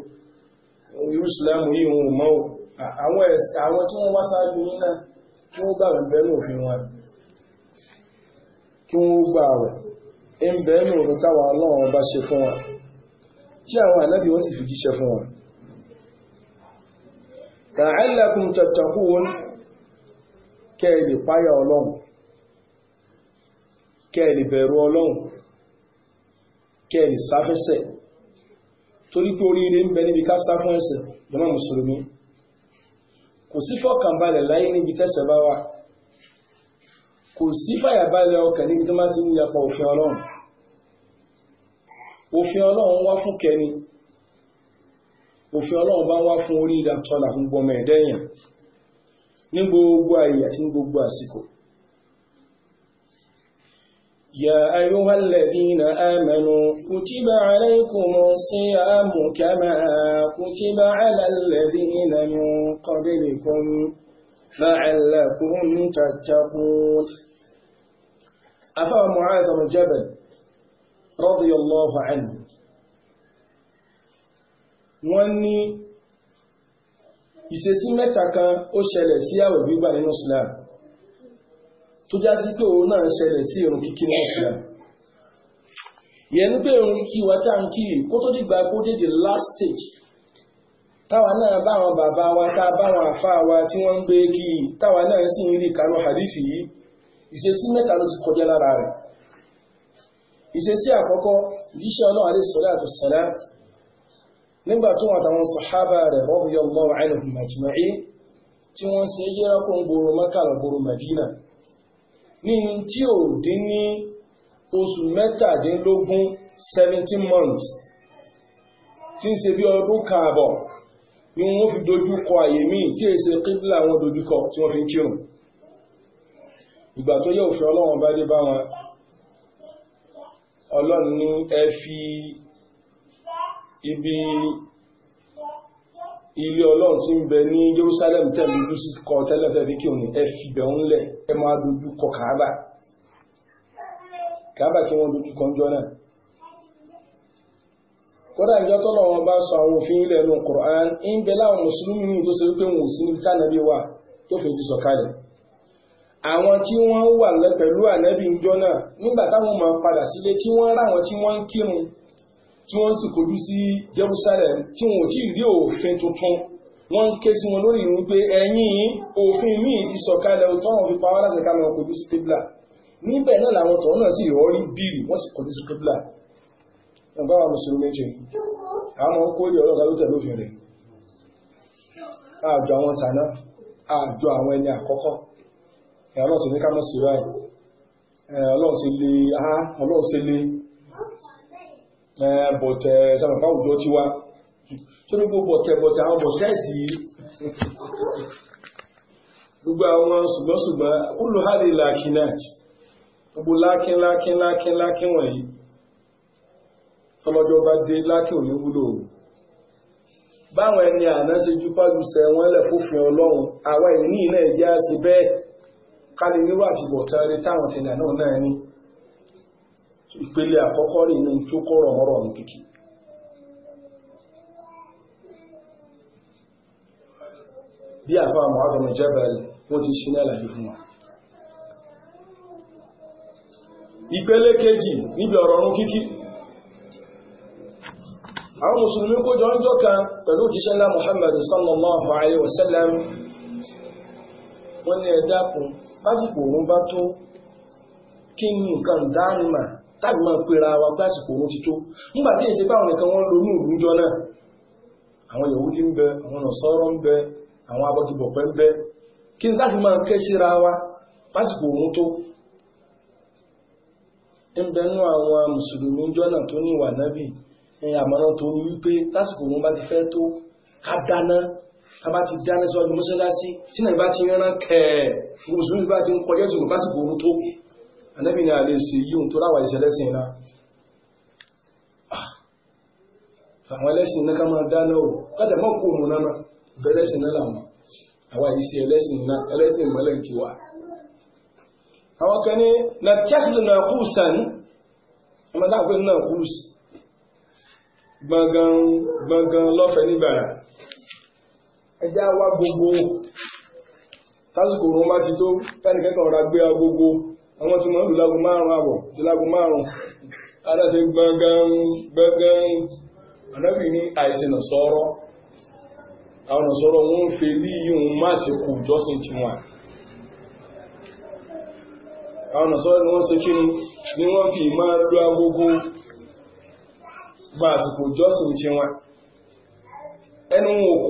A: irú ìsìlámù yìí wọn ò mọ̀ o àwọn tí wọ́n wá sáájú yín náà kí wọ́n gbà wẹ̀ ní òfin wọn kí wọ́n gbà wẹ̀ ń bẹ́ẹ̀ ní òfin táwọn ọlọ́run ọba ṣe fún wọn tí àwọn ànábì wọ́n sì fi jíṣẹ́ fún wọn ta'allakum tattaqun kẹ́ẹ̀lì páyà ọlọ́run kẹ́ẹ̀lì bẹ̀rù ọlọ́run kẹ́ẹ̀lì sáfẹ́sẹ̀ torí pé oríire ń bẹ níbi ká sá fún ẹ̀ṣẹ̀ jọmọ́ mùsùlùmí kò sí fọ́kànbalẹ̀ láyé níbi tẹ́ṣẹ̀ bá wà kò sí fàyàbalẹ̀ ọkàn níbi tó má ti ń yapa òfin ọlọ́run òfin ọlọ́run wá fún kẹni òfin ọlọ́run bá wá fún orí ìdàtọ́là fún gbọmọ ẹ̀dẹ́yàn ní gbogbo ayé àti ní gbogbo àsìkò يا أيها الذين آمنوا كتب عليكم الصيام كما كتب على الذين من قبلكم لعلكم تتقون أفا معاذ بن جبل radiyallahu anhu wọ́n ní ìṣesí mẹ́ta kan ó ṣẹlẹ̀ sí àwẹ̀ gbígbà nínú Islam tó já pé òun náà ṣẹlẹ̀ sí ìrun kíkí nínú Islam ìyẹn ní pé kó tó kó dé last stage tawa náà bá àwọn bàbá wa taa a ìṣesí àkọ́kọ́ ìdíṣẹ́ ọlọ́run alẹ́ sọ́lá àti sọ́lá nígbà tó wọn àtàwọn sàhábà rẹ̀ rọ́bù yọ lọ́wọ́ àìlùmọ̀ àjùmọ̀ẹ́ tí wọ́n ṣe yẹra kó ń gbòòrò mẹ́kà lọ gbòòrò mẹ́dínà ní tí ò dín ní oṣù mẹ́tàdínlógún seventeen months tí ń ṣe bí ọdún kààbọ̀ ni wọ́n fi dojúkọ àyè míì tí èsè kíbla wọn dojúkọ tí wọ́n fi ń kírun ìgbà tó yẹ òfin ọlọ́run bá dé bá wọn ọlọ́run ní ẹ fi ibi ilé ọlọ́run tí ń bẹ ní Jerusalem tẹ̀lé lùsí kọ tẹ́lẹ̀ fẹ́ fi kí òun ẹ fi bẹ̀ ń lẹ̀ ẹ máa dojú kọ kàábà kàábà kí wọ́n dojú kọ ńjọ náà kódà ìjọ tó lọ́wọ́ bá sọ àwọn òfin ilẹ̀ nù Qur'an ń bẹ láwọn mùsùlùmí ní ìtòsí wípé wọn ò sí níbi tánàbí wà tó fi ti sọ̀kalẹ̀ àwọn tí wọ́n wà lẹ́ pẹ̀lú ànábì ńjọ́ náà nígbà táwọn máa padà sílé tí wọ́n ráwọn tí wọ́n ń kírun tí wọ́n sì kojú sí Jerusalem tí wọn ò tí ì rí òfin tuntun wọ́n ń ké sí wọn lórí ìrún pé ẹ̀yìn òfin míì ti sọ̀kalẹ̀ ọ̀tọ́ àwọn fi pawọ́ láti kálọ̀ kojú sí kébìlà níbẹ̀ náà làwọn tọ̀hún náà sì rọ́ọ́rí bíìlì wọ́n sì kojú sí kébìlà ẹ̀gbá wa mùsùlùmí méjì àwọn ọkọ̀ ilé ọlọ́gá ló tẹ̀lé òfin rẹ̀ àjọ àwọn tàná àjọ àwọn ẹni àkọ́kọ́ ọlọ́run sì ní ká mọ̀ sí ráì ọlọ́run sì lè á ọlọ́run sì lè bọ̀tẹ̀ sábàbá òjò ti wá tó ní gbogbo bọ̀tẹ̀ bọ̀tẹ̀ àwọn bọ̀tẹ̀ sí gbogbo àwọn ṣùgbọ́nṣùgbọ́n kúlù hàlè làkínàjì gbogbo lákín lákín lákín lákín wọ̀nyí tọ́lọ́jọ́ bá dé lákín òní wúlò òun báwọn ẹni àná ṣe jú pálùsẹ̀ wọn lẹ̀ fófin ọlọ́run àwa ìní náà jẹ́ àṣì bẹ́ẹ̀ ká lè nírú àtibọ̀tán rẹ táwọn tẹ̀lé náà náà ní ìpele àkọ́kọ́ rè ní tó kọ́rọ̀ ọ̀rọ̀ ní kìkì. bí àfa mọ̀hádọ́mọ̀ jẹ́bẹ̀rẹ̀ wọ́n ti ṣe ní àlàyé fún wa. ìpele kejì níbi ọ̀rọ̀ ọ̀run kíkí àwọn mùsùlùmí kó jọ ń jọ pẹ̀lú òjíṣẹ́ ńlá Muhammad sallallahu alaihi wasallam wọ́n ní ẹ dákun básìkò òun bá tó kí ni nǹkan dárìmà tàbí máa pera wa básìkò òun ti tó nígbà tí èsì báwọn nìkan wọ́n lo ní náà àwọn Yahudi ń bẹ àwọn Nasara ń bẹ àwọn abọ́gibọ̀pẹ́ ń bẹ kí máa kẹ́ síra wa òun tó ń bẹ nú àwọn mùsùlùmí tó ní ìwà nábì ẹ̀yìn àmọ́ná tó lásìkò tàbá ti dáná síwájú mọ́sálásí tí náà bá ti rán kẹ́ẹ̀ mùsùlùmí bá ti ń kọjá ìṣòro bá sì gbòòrò tó anábì ní àlè sí yíò tó láwà ìṣẹ̀lẹ́sìn náà ah. àwọn ẹlẹ́sìn náà ká máa dáná o kọ́tẹ̀ mọ́ kó òun náà bẹ́ẹ̀lẹ́sìn náà na tẹ́kìlì náà kú sàn ọmọdé ẹjá wá gbogbo tásìkò òun ti tó tánìkẹ́kọ̀ ọ̀rá gbé wa gbogbo àwọn tí wọ́n lù lágo márùn àbọ̀ tí lágo márùn adáṣe gbọ̀ngàn gbọ̀ngàn ànábì ní àìsàn àwọn ń yíò má kù jọ́sìn àwọn ni wọ́n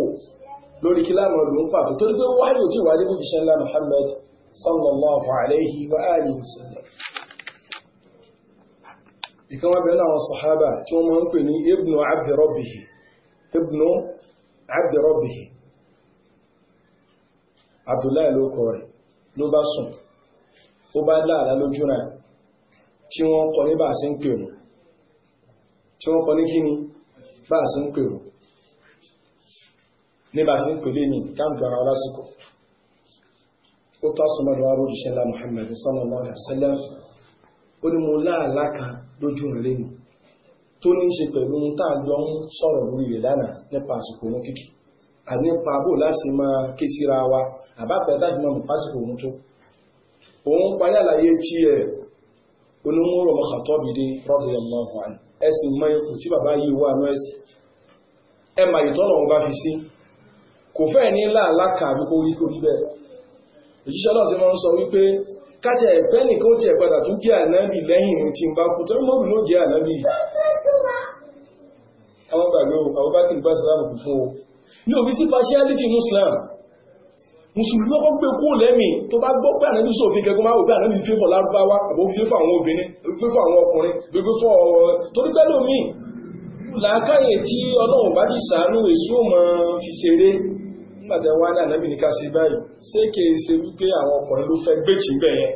A: lórí kí láàmú ọdún ń fàtó torí pé wáyé ò tí wà nínú ìṣẹ́ ńlá Muhammad sallallahu alayhi wa alihi wa sallam ìkan wá bẹ̀rẹ̀ àwọn sàhábà tí wọ́n máa ń pè ní ibnu abdirọ́bìhì ibnu abdirọ́bìhì abdullahi ló kọ rẹ̀ ló bá sùn ó bá láàlá lójú rẹ̀ tí wọ́n kọ ní bá sí ń pè wọ́n tí wọ́n kọ ní kíni bá sí ń pè wọ́n níbà sí ń pèlé ní káàgbàra lásìkò ó tásùmọ́dọ̀ arójìṣẹ́ ńlá Muhammad sallallahu alaihi wasallam ó ní mo láàlá kan lójú rẹ̀ mi tó ní ṣe pẹ̀lú tá a jọ ń sọ̀rọ̀ lórí rẹ̀ lánàá nípa àsìkò òun kìkì àbí nípa bó láti máa ké síra wa àbápẹ́ láti máa mú pásìkò òun tó òun parí àlàyé tí ẹ̀ onímọ̀rọ̀ mọ̀kàtọ́bìdé radiyallahu anhu ẹ̀sìn mọ́ ikú tí bàbá yìí wà ní ẹ̀sìn ẹ̀ màyìtọ́nà ọba fi sí kò fẹ́ ní láàlá kan àbí kò rí kò rí bẹ́ẹ̀ òjíṣẹ́ náà sì máa ń sọ wípé kájà ẹ̀pẹ́ nìkan ó tiẹ̀ padà tún jẹ́ ànábì lẹ́yìn ní tí n bá kú tó mọ́ bí ló jẹ́ ànábì àwọn gbàgbé o àwọn bá kì í gbà sàlámù kù fún o ní òbí sí partiality muslim mùsùlùmí ọkọ̀ gbé kú lẹ́mì tó bá gbọ́ pé ànábì sófin kẹ́kọ́ máa wò pé ànábì fẹ́ fọ́ lárúbáwá àbò fẹ́ fọ́ àwọn obìnrin fẹ́ fọ́ àwọn ọkùnrin fẹ́ fọ́ ọ̀rọ̀ torí pẹ́lú nígbà tí wọ́n á ní ànábì ní ká ṣe báyìí ṣé kìí ṣe wípé àwọn ọkùnrin ló fẹ́ gbèjì ń bẹ̀ yẹn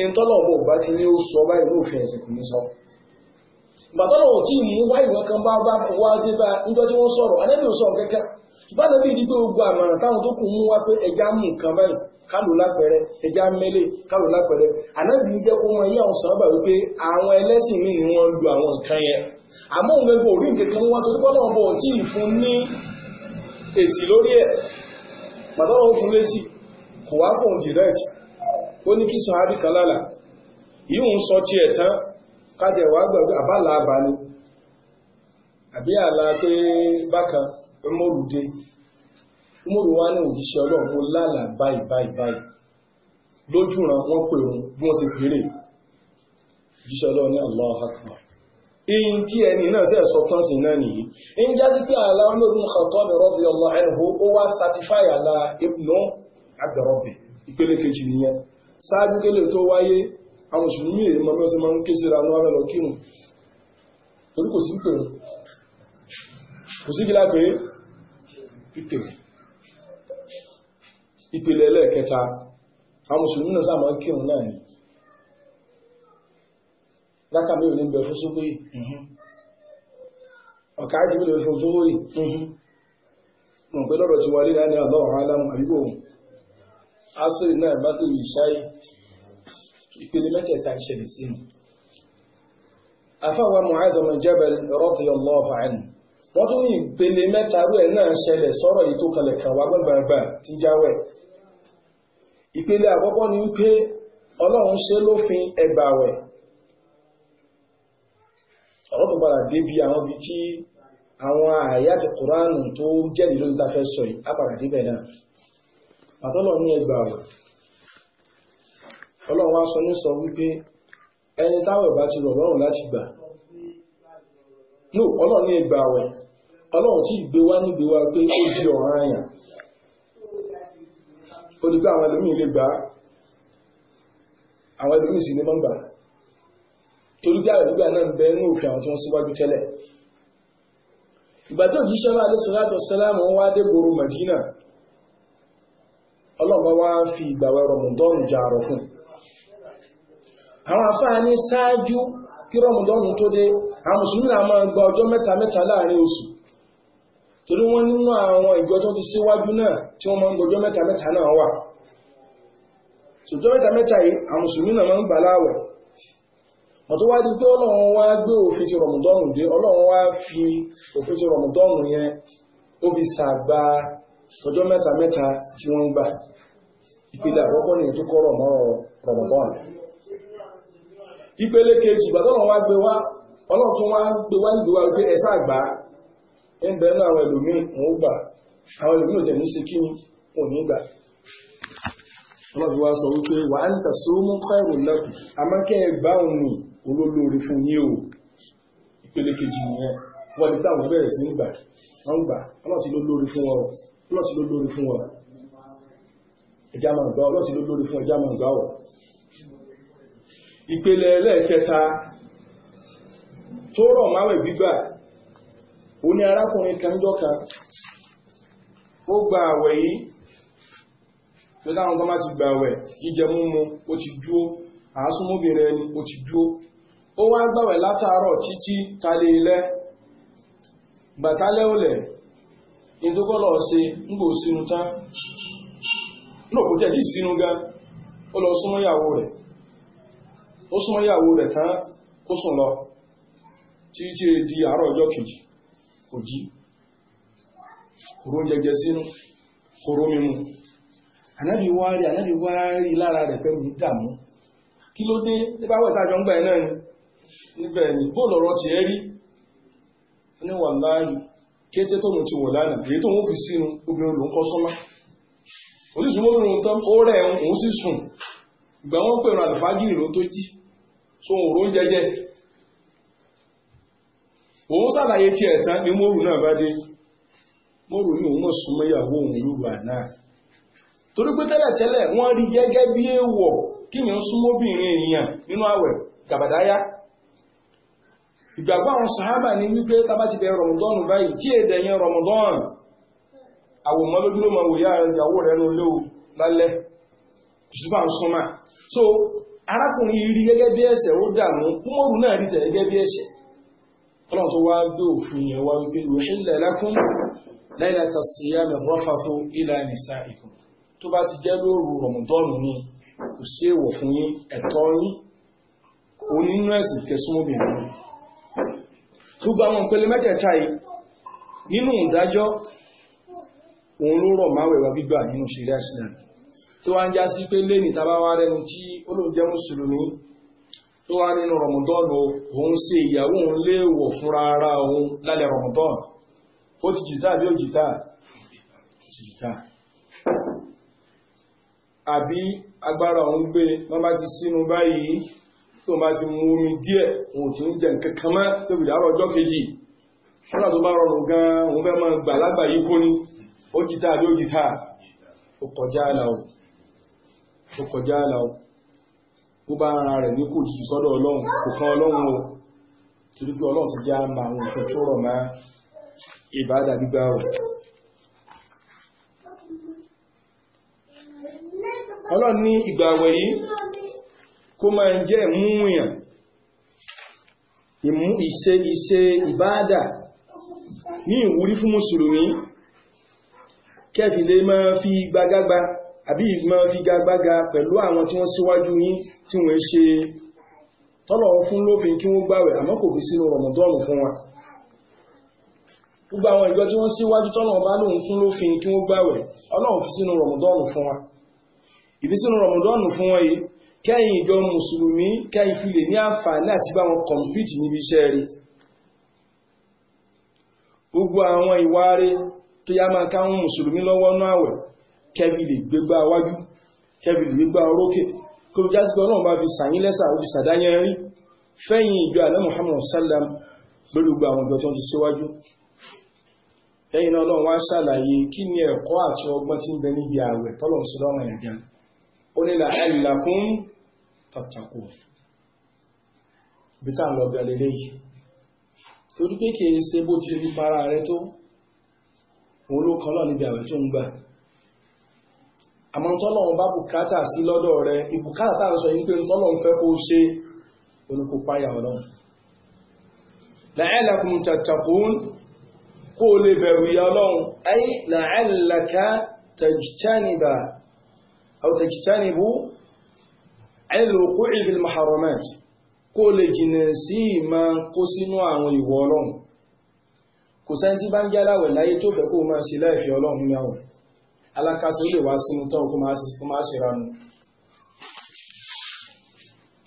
A: ẹni tọ́lọ̀ bò bá ti ní ó sọ báyìí lóòfin ẹ̀sìn kò ní sọ. bàtọ́lọ̀wọ̀ tí ìmú wá ìwọ̀n kan bá bá wá dé bá níjọ́ tí wọ́n sọ̀rọ̀ ànábì ò sọ kẹ́kẹ́ ìbátan bíi dídó gbogbo àmọ̀ràn táwọn tó kù mú wá pé ẹja mú nǹkan báyìí kálù lápẹẹrẹ ẹja mẹ́lẹ̀ kálù lápẹẹrẹ ànábì ń jẹ́ kó wọn yí àwọn sọ̀rọ̀ bá wípé àwọn ẹlẹ́sìn míì ni wọ́n lu àwọn nǹkan yẹn àmọ́ òun gbogbo orí nǹkan kan wá torí bọ́lá ọ̀bọ̀ tí ì fún ní esi lori e. pàtàkùn fún lésì kò wá kùn direct ó ní kí sọ̀hábì kan lálà yíò ń sọ tí ẹ̀ tán kájẹ̀ wá gbàgbé àbálà àbáni àbí ụmụrụ pé bákan mọ́rù dé laala bai bai bai. ọlọ́run mo lálà báyìí báyìí báyìí lójúran èyí tí ẹni náà sẹ́ sọ tán sí náà nìyí ń já sí pé àlá ọmọdún Khattab radiyallahu anhu ó wá satifáì àlá Ibnu Abdurrabbi ìpele kejì nìyẹn ṣáájú kélé tó wáyé àwọn mùsùlùmí èyí mọ́ mẹ́sàn máa ń ké síra ní ọ̀rẹ́ lọ kírun torí kò sí pé kò sí gíga pé pípè ìpele ẹlẹ́ẹ̀kẹta àwọn mùsùlùmí náà sáà máa ń kírun náà nìyí láka mi ò ní bẹ̀rẹ̀ fún sókòyì mhm. ọ̀ká àti ìbílẹ̀ fún sókòyì mọ̀ mhm. pé lọ́rọ̀ ti wáyé láti àbá ọ̀hán aláwọ̀ àbíkò asiri náà bá tó yìí ṣáyé ìpele mẹ́tẹ̀ẹ̀ta ìṣẹ̀lẹ̀ sí mi afáwa mu'adh bin jabal radiyallahu anhu wọ́n tún ní ìpele mẹ́ta rú ẹ̀ náà ṣẹlẹ̀ padà débi àwọn ibi tí àwọn àyà ti kùránù tó jẹ́rìí lórí tafẹ́ sọ yìí á padà débẹ̀ náà àtọ́lọ̀ ní ẹgbà rẹ̀ ọlọ́run wá sọ ní sọ wípé ẹni táwẹ̀ bá ti rọ̀ lọ́rùn láti gbà no ọlọ́run ní ẹgbà rẹ̀ ọlọ́run tí ìgbé wá nígbé wá pé ó di ọ̀ràn àyàn ó di pé àwọn ẹlòmíì torí bí àrùgbà náà ń bẹ inú òfin àwọn tí wọ́n síwájú tẹ́lẹ̀ ìgbà tó yìí ṣẹlá alẹ́sọ̀láàtọ̀ sẹ́lámù wá dé gbòòrò Madina ọlọ́ọ̀bá wá fi ìgbàwẹ̀ rọmùdọ́nù jàrọ̀ fún àwọn afáà ní ṣáájú kí rọmùdọ́nù tó dé àwọn mùsùlùmí náà máa gba ọjọ́ mẹ́ta mẹ́ta láàrin oṣù torí wọ́n nínú àwọn ìjọ tó ti síwájú náà tí wọ́n máa ń gbọjọ́ mẹ́ta mẹ́ta náà wà ṣùgbọ́n mẹ́ta mẹ́ta yìí àwọn mùsùlùmí náà máa ń gbà láwẹ̀ wọ́n tó wá di pé ọlọ́run wá gbé òfin ti rọ̀mùdọ́nù dé ọlọ́run wá fi òfin ti rọ̀mùdọ́nù yẹn ó fi sàgbà ọjọ́ mẹ́ta mẹ́ta tí wọ́n ń gbà ìpele àkọ́kọ́ nìyẹn tó kọ́ rọ̀mọ́ rọ̀mùdọ́nù. ìpele kejì ìgbà tọ́lọ́run wá gbé wá ọlọ́run tún wá gbé wá ìgbé wá gbé ẹ̀sà àgbà ń bẹ ní àwọn ẹlòmíì wọn ó gbà àwọn ẹlòmíì ò tẹ̀ ní ṣe kí ni ò ní gbà ọlọ́run wá sọ wípé wà á ń tà sómú kọ́ ẹ̀rù olólóore fún yín o ìpele kejì nìyẹn wọ́n ní táwọn bẹ̀rẹ̀ sí ń gbà wọ́n ń gbà ọlọ́sí ló lóore fún wọn ọlọ́sí ló lóore fún wọn ẹjá máa gbá ọlọ́sí ló lóore fún ẹjá máa gbá ọ̀ ìpele ẹlẹ́ẹ̀kẹta tó rọ̀ máwẹ̀ gbígbà ó ní arákùnrin kan ó gba àwẹ̀ yìí tó sáwọn kan má ti gba àwẹ̀ jíjẹ múmu ó ti dúó àásùnmóbìnrin ẹni ó ti dúó ụwa wá gbàwẹ̀ látàárọ̀ títí talẹ̀ ilẹ̀ gbàtálẹ̀ olẹ̀ ìdókọ́lọ̀ ṣe ń gbò sínú tán náà kò jẹ́ kí sínú gan ó di àárọ̀ ọjọ́ kejì kò jí kòrò jẹjẹ sínú kòrò mímu ànábì wá rí ànábì níbẹ̀ ni bó lọ́rọ̀ ti ẹ́ rí ní wà láàyè kété tó mú ti wọ̀ lánàá èyí tó ń fi sínú obìnrin ló ń kọ́ sọ́mà oníṣùmọ́ obìnrin tán ó rẹ̀ òun sì pèrò tó jí so òun ró jẹjẹ òun sàlàyé tiẹ̀ tán ni náà bá dé ní òun mọ̀ náà torí pé wọ́n rí gẹ́gẹ́ bí ìgbàgbọ́ àwọn sàhábà ní wípé tàbá ti bẹ̀rẹ̀ rọmọdọ́nù báyìí tí èdè yẹn rọmọdọ́n àwòmọ́ lójú ló máa wò yára ìyàwó rẹ̀ ló léwu lálẹ́ ṣùgbọ́n súnmà so arákùnrin rí gẹ́gẹ́ bí ẹ̀ṣẹ̀ ó dààmú kúmọ̀rù náà rí tẹ̀ gẹ́gẹ́ bí ẹ̀ṣẹ̀ tọ́lọ́n tó wá gbé òfin yẹn wá wípé uhilla lakum laylata siyami rafathu ila nisaikum tó bá ti jẹ́ lóru rọmọdọ́nù ni kò sí èèwọ̀ fún yín ẹ̀tọ́ yín onínú ẹ̀sìn kẹsùn obìnrin gbogbo àwọn ìpele mẹ́tẹ̀ẹ̀ta yìí nínú ìdájọ́ òun ló rọ̀ máwẹ̀wà gbígbà nínú ṣeré islam tó wá ń já sí pé lẹ́ni tàbá wá rẹnu tí olóòjẹ́ mùsùlùmí tó wá nínú rọmọdọ́nù òun ṣe ìyàwó òun léèwọ̀ fúnra ara òun lálẹ́ rọmọdọ́nù ó ti jìtá àbí òjìtá jìtá àbí agbára òun gbé wọ́n bá ti sínú báyìí tó bá ti mú omi díẹ̀ òun tí ń jẹ nǹkan kan mọ́ tó bìí àárọ̀ ọjọ́ kejì ṣọ́nà tó bá rọrùn gan-an òun fẹ́ máa gbà lágbà yìí kó ní ó jìtá àbí ó jìtá ó àlà o ó àlà o ó bá ara rẹ̀ ní kò jìjì sọ́dọ̀ ọlọ́run kò kan ọlọ́run o torí pé ọlọ́run ti já ma àwọn òfin tó rọ̀ mọ́ ìbádà gbígbá o ọlọ́run ní ìgbà àwẹ̀ yìí kó máa jẹ́ ìmúyàn ìmú ìṣe ìṣe ìbáadà ní ìwúrí fún mùsùlùmí kẹfì lè máa fi gbagagba àbí máa fi gagbága pẹ̀lú àwọn tí wọ́n síwájú yín tí wọ́n ṣe tọ́lọ̀ fún lófin kí wọ́n gbàwẹ̀ àmọ́ kò fi sínú rọ̀mọ̀dọ́ọ̀nù fún wa gbogbo àwọn ìjọ tí wọ́n síwájú tọ́lọ̀ bá lóhun fún lófin kí wọ́n gbàwẹ̀ ọlọ́run fi sínú rọ̀mọ̀dọ́ọ̀nù fún wa ìfi sínú fún wọn yìí kẹ́yìn ìjọ mùsùlùmí kẹ́yìn fi lè ní àǹfààní àti bá wọn kọ̀mpìtì níbi iṣẹ́ rí gbogbo àwọn ìwà rí tó yá máa káwọn mùsùlùmí lọ́wọ́ náà wẹ̀ kẹ́bí lè gbégbá wájú kẹ́bí lè gbégbá orókè kó ló jásí ọlọ́run bá fi sàyín lẹ́sà ó fi sàdáyẹn rí fẹ́yìn ìjọ alẹ́ Muhammad sallam lórí gbogbo àwọn ìjọ tó ń ti síwájú lẹ́yìn náà ọlọ́run wá ṣàlàyé kí ni ẹ̀kọ́ àti ọgbọ́n tí ń bẹ níbi ààwẹ̀ tọ́lọ̀ ń sọ lọ́rùn ẹ̀gẹ́ ó ní la'allakum tattaqun bí táà lọ bẹ̀rẹ̀ léyìí torí pé kìí ṣe bó ti fi para rẹ tó òun ló kọ́ lọ níbi àwẹ̀ tó ń gbà àmọ́ tọ́lọ́run bá bùkátà sí lọ́dọ̀ rẹ ìbùkátà tá sọ yìí pé tọ́lọ́run fẹ́ kó ṣe oníkó páyà ọlọ́run la'allakum tattaqun kó o lè bẹ̀rù ìyá ọlọ́run ay la'allaka tajtaniba أو تجتنبوا الوقوع بالمحرمات kó lè jìnà sí ìmá kó sínú àwọn ìwọ ọlọ́run kò sẹ́ni tí bá ń jẹ́ aláwẹ̀ láyé tó fẹ́ kó máa ṣe láìfẹ́ ọlọ́run ní àwẹ̀ alákàtí ó lè wá sínú tán kó máa ṣe ránu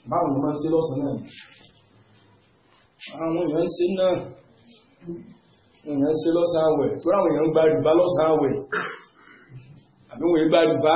A: báwọn ló máa ń ṣe lọ́sàn náà àwọn èèyàn ń ṣe náà èèyàn ń ṣe lọ́sàn àwẹ̀ tó ráwọn èèyàn ń gbàdùbá lọ́sàn àwẹ̀ àbí wọ́n gbàdùbá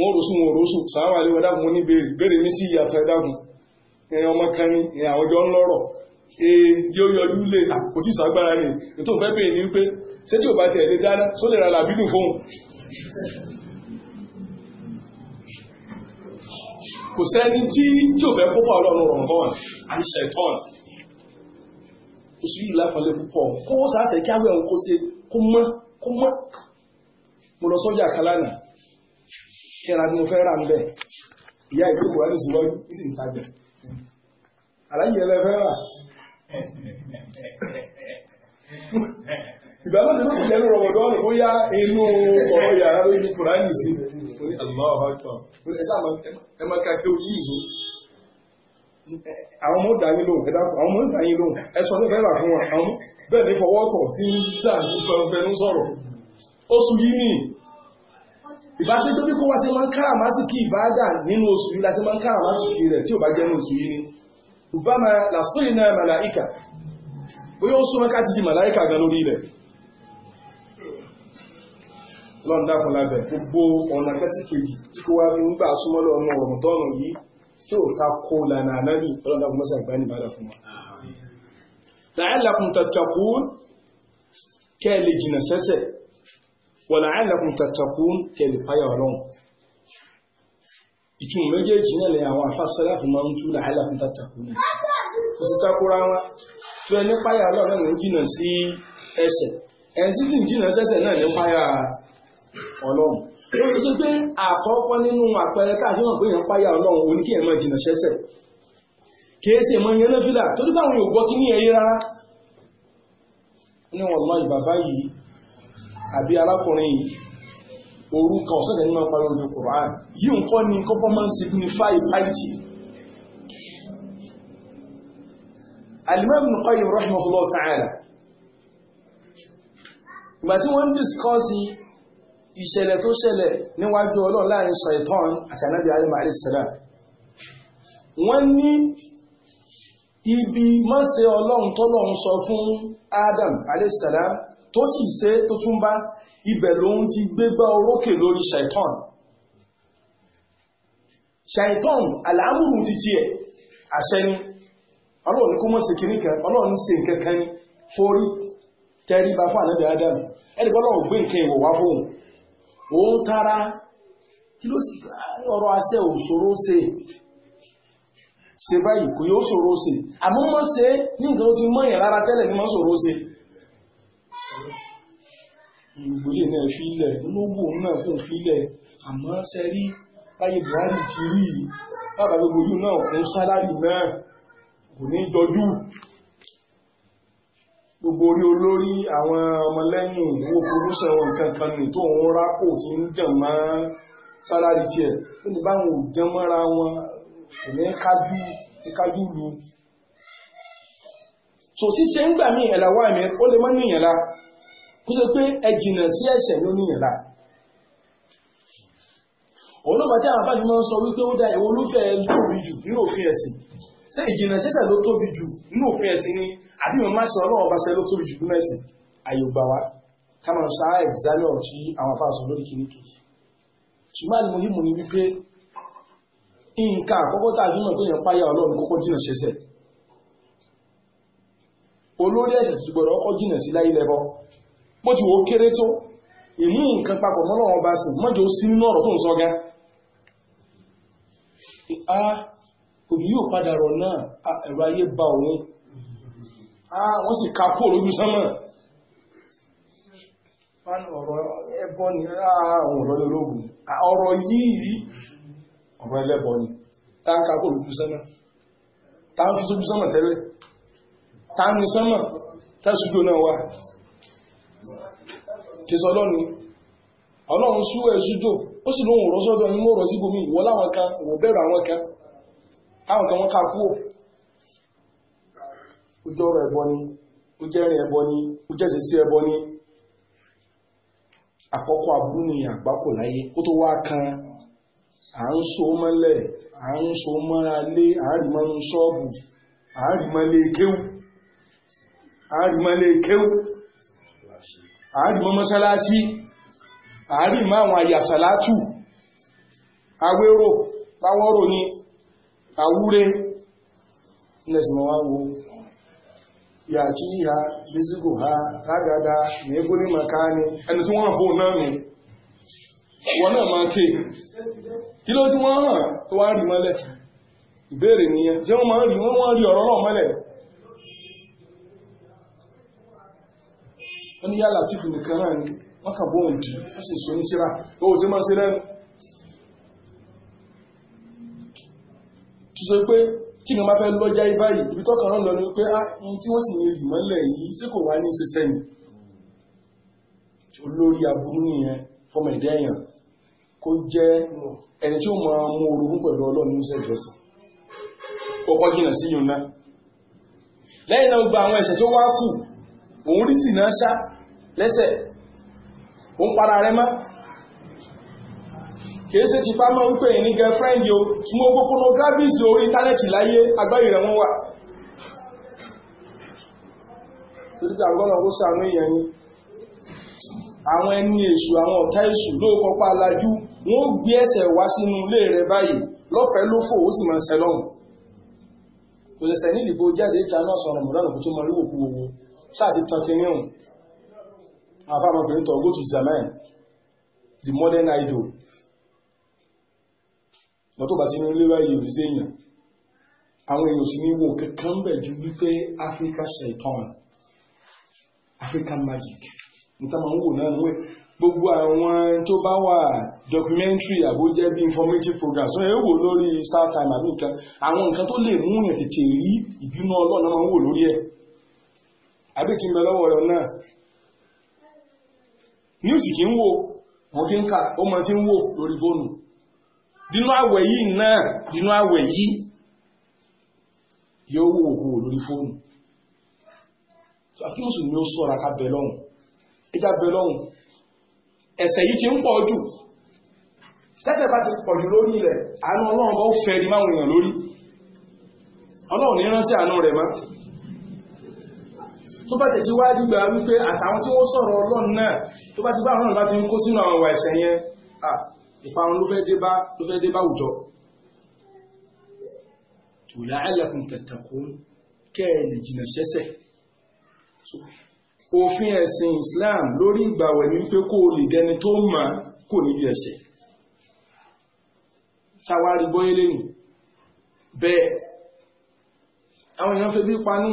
A: wọ́n rò sùn wọ́n rò sùn sàáwà lé wọ́dà mo ní béèrè béèrè mi sí ìyàtọ̀ ẹ̀dàgùn ẹ̀yìn ọmọ kan ní ẹ̀yìn àwọjọ ń lọ́rọ̀ ee yóò yọjú lè kò tí sàgbára ni ètò ìfẹ́ béèrè ni wípé ṣé tí ò bá tiẹ̀ lè dáná só lè ra làbídùn fóun kò sẹ́ni tí tí ò fẹ́ kó fà ọlọ́run rọ̀ nǹkan àìṣẹ̀ tọ́n oṣù yìí láfọlẹ́ púpọ̀ kó sáà tẹ̀ kí àwẹ̀ òun kó ṣe kó mọ́ kó mọ́ mo lọ sọ́jà kan ṣẹ́ra tí mo fẹ́ rà ń bẹ̀ ìyá ìjókòó wá ní síwájú ní sì ń tajà aláyé ẹlẹ́ fẹ́ rà ìgbàlódé ló kù lẹ́nu rọ̀mọ̀dọ́ ọ̀nà bóyá inú ọ̀rọ̀ yàrá ló ní kùránì sí orí aláwọ̀ hàtọ̀ ẹ máa kàkẹ́ òyì ìzó àwọn ọmọ dàní lóhùn ẹ dákun àwọn ọmọ dàní lóhùn ẹ sọ ní bẹ́ẹ̀ fún wa àwọn bẹ́ẹ̀ ní fọwọ́tọ̀ tí ń sàn fẹnufẹnu sọ̀rọ̀ ó sùn yìí nìyí ìbáṣe tó bí kó wá sí máa ń káràmásìkì ìbáadà nínú oṣù yìí láti máa ń káràmásìkì rẹ̀ tí ò bá jẹ́ oṣù yìí ni ubama lasori náà màláìkà bóyá ó súnmọ́ káàtì jí màláìkà gan lórí rẹ̀ lọ́ndà kan lábẹ́ gbogbo ọ̀nà kẹsìkejì tí kó wá fi ń gbà súnmọ́ lọ́nà ọ̀rọ̀ tọ́nà yìí tí ò ta kó lànà ànábì lọ́ndà kan mọ́sà ìgbà nìbàdà fún wa wọ̀lá àìlẹ́kùn tàtàkùn kẹlìpáyà ọlọ́run ìtumọ̀ méjèèjì náà lè àwọn afásẹ́láfù máa ń tú làálàfún tàtàkùn náà kò sí takora wọn tó ẹni páyà ọlọ́run ní jìnà sí ẹsẹ̀ ẹni sí ti jìnà sẹ́sẹ̀ náà ní páyà ọlọ́run ó ti sọ pé àkọ́kọ́ nínú àpẹẹrẹ káàkiri náà pé èèyàn páyà ọlọ́run oníkèèyàn máa àbí arákùnrin yìí orúkọ ọ̀sẹ̀dẹ̀ nínú ọpàá lórí Kùrán yìí ń kọ́ ní kọ́kọ́ máa ń signify piety Al-Imam Ibn Qayyim rahimahullah ta'ala ìgbà tí wọ́n ń discọ́sì ìṣẹ̀lẹ̀ tó ṣẹlẹ̀ níwájú Ọlọ́run láàrin Ṣaitan àti Ànábì Adam alayhi wọ́n ní ibi mọ́sẹ̀ Ọlọ́run tọ́lọ́run sọ fún Adam alayhi tó sì ṣe tó tún bá ibẹ̀ lòun ti gbégbá orókè lórí ṣàìtàn ṣàìtàn àlàámùrù ti tiẹ̀ àṣẹ ni ọlọ́run ní kó mọ̀ sí kìíní kan ọlọ́run ní ṣe nǹkan kan ní forí tẹríba fún ànábì ádámù ẹni bọ́lá ò gbé nǹkan ìwọ̀ wá fóun òun tara kí ló sì ọ̀rọ̀ àṣẹ ò ṣe ṣe báyìí kò yóò ṣòro ṣe àmọ́ mọ́ ṣe ní nǹkan tó ti mọ́ yẹn rárá tẹ́lẹ̀ ni mọ́ ṣòro ṣe ìgbélé náà fílẹ̀ olóńgbò náà fún fílẹ̀ àmọ́ sẹ́rí láyé buhari ti rí bàbá gbogbo yìí náà kún sálárì náà kò ní jọjú gbogbo orí olórí àwọn ọmọlẹ́yìn owó pọ̀lúsẹ̀ wọn nǹkan kan nì tó ń rápò tí ń jàn mọ́ sálárì tiẹ̀ ó ní báwọn ò jẹ́ mọ́ra wọn kò ní kájú kájú lu tòsí ṣe ń gbà mí ẹ̀làwọ̀ àmì ó lè mọ́ níyànlá kó ṣe pé ẹ jìnà sí ẹ̀ṣẹ̀ ló níyàn láà òun náà bàtí àwọn afáàfin máa ń sọ wípé ó dá ìwọ olúfẹ́ lóòrí jù nínú òfin ẹ̀sìn ṣé ìjìnà ṣẹ̀ṣẹ̀ ló tóbi jù nínú òfin ẹ̀sìn ni àbí wọn máa ṣe ọlọ́run ọba ṣe ló tóbi jù nínú ẹ̀sìn àyògbà wa ká máa ṣá ẹ̀gzámì ọ̀rọ̀ tí àwọn afáàsọ lórí kìíní kejì ṣùgbọ́n àlùmọ́ yìí mú ni wípé nǹkan àkọ́kọ́ tá a fi mọ̀ pé èèyàn páyà ọlọ́run kọ́kọ́ jìnà ṣẹ̀ṣẹ̀ olórí ẹ̀ṣẹ̀ ti gbọ́dọ̀ ọkọ̀ jìnà sí bó ti wò kéré tó ìmú nǹkan papọ̀ mọ́lọ́wọ́ bá sì mọ́jọ sí nínú ọ̀rọ̀ tó ń sọ a òbí yóò padà rọ̀ náà ẹ̀rọ ayé ba òun a wọ́n sì ka kúrò lójú sánmọ̀ ọ̀rọ̀ ẹbọ ni àwọn ọ̀rọ̀ lọ́lọ́gùn ọ̀rọ̀ yìí ọ̀rọ̀ ẹlẹ́bọ ni tá ń ka kúrò lójú sánmọ̀ tá ń fi sójú sánmọ̀ tẹ́lẹ̀ tá ń ní sánmọ̀ tẹ́sùjó náà wà kìsọ lọ́ni ọlọ́run sú ẹ̀ṣújò ó sì lóhun rọ́ sọ́dọ̀ yín mọ́rọ̀ sí gbòmí ìwọ láwọn kan wọ́n bẹ̀rù àwọn kan àwọn kan wọ́n ká kúrò ó ẹbọ ni ó ẹbọ ni ó sí ẹbọ ni àkọ́kọ́ aburú ni àgbákò láyé ó tó wá kan à ń so mọ́lẹ̀ àárín mọ́ mọ́sálásí àárín mọ́ àwọn àyàsálátù awérò pàwọ́rò ni àwúre nẹ́sìmọ̀ wá wo yàtí ha bisikù ha rágada mẹ́gbó ní makani ẹni tí wọ́n bò náà nù wọ́n náà máa ké kí ló tí wọ́n hàn tó wá rí mọ́lẹ̀ ìbéèrè nìyẹn jẹ́ wọ́n máa rí wọ́n rí ọ̀rọ̀ náà mọ́lẹ̀ wọ́n ní yálà tí fìnìkan náà ni wọ́n kà bóhùn dì ó sì sọ ní síra ó sì máa ṣe lẹ́nu tó sọ pé kí ni wọ́n fẹ́ lọ́jà báyìí ibi tọ́kàn náà lọ ni pé á ah, ní tí wọ́n sì ní ìlú mọ́lẹ̀ yìí sí kò wá ní ṣiṣẹ́ ni olórí aburú nìyẹn fọmọ ẹ̀dá èèyàn kó jẹ́ ẹni tí ó máa mú orogún pẹ̀lú ọlọ́run ní sẹ́jọ́sìn kọ́kọ́ jìnà sí yòó náà lẹ́yìn náà gba àwọn ẹ̀ṣẹ̀ tó wá kù òun rí sì náà ṣá lẹ́sẹ̀ ó ń para rẹ mọ́ kìí ṣe ti pa mọ́ wípé ní girlfriend o tí mo gbó pornographies orí íńtánẹ́ẹ̀tì láyé agbáyé rẹ̀ wọ́n wà torí pé àgbọ́nà ó sàánú èèyàn ni àwọn ẹni èṣù àwọn ọ̀tá èṣù lóòkọ́ pa alájú wọ́n ó gbé ẹsẹ̀ wá sínú ilé rẹ̀ báyìí lọ́fẹ̀ẹ́ ló fò ó sì máa ṣẹ lọ́hùn kò lè nídìbò jáde ìta náà sọ̀rọ̀ mọ̀dánù kó tó mọ orí òkú owó sáà ti tan kiri àfàmọ́bìnrin tó go to zaman the modern idol lọ tó bá ti ní ilé wáyé òrí séèyàn àwọn èèyàn sì ní wo kankan bẹ̀ ju wípé Africa shaitan African magic níta máa ń wò náà wẹ́ gbogbo àwọn tó bá wà documentary àbójẹ́ bí informative programs wọ́n yẹ wò lórí star time àbí nǹkan àwọn nǹkan tó lè mú yẹn tètè rí ìbínú ọlọ́run máa ń wò lórí ẹ̀ àbí ti ń bẹ lọ́wọ́ rẹ̀ náà news kì ń wò wọ́n ti ń kà ń wò lórí fóònù dínú àwẹ̀ yìí náà dínú àwẹ̀ yìí yóò wò wò lórí fóònù àti mùsùlùmí ó sọ́ra ká bẹ lọ́hùn ìjà bẹ lọ́hùn yìí ti ń pọ̀ jù tẹ́ṣẹ̀ bá ti pọ̀ jù lórí ilẹ̀ àánú ọlọ́run di máwùn èèyàn lórí ọlọ́run ní ránṣẹ́ àánú rẹ̀ máa tó bá tẹ̀tí wá gbígbà wípé àtàwọn tí wọ́n sọ̀rọ̀ ọlọ́run náà tó bá ti bá àwọn láti ń kó sínú àwọn ìwà ẹ̀ṣẹ̀ yẹn ìparun ló fẹ́ dé bá ló fẹ́ dé bá àwùjọ la'allakum tattaqun kẹ́ ẹ jìnà ṣẹ́ṣẹ̀ òfin ẹ̀sìn Islam lórí ìgbàwẹ̀ ní pé kó o lè dẹni tó mà kò níbi ẹ̀ṣẹ̀ ṣàwárí bọ́yé lẹ́nu bẹ́ẹ̀ àwọn èèyàn fẹ́ bí panú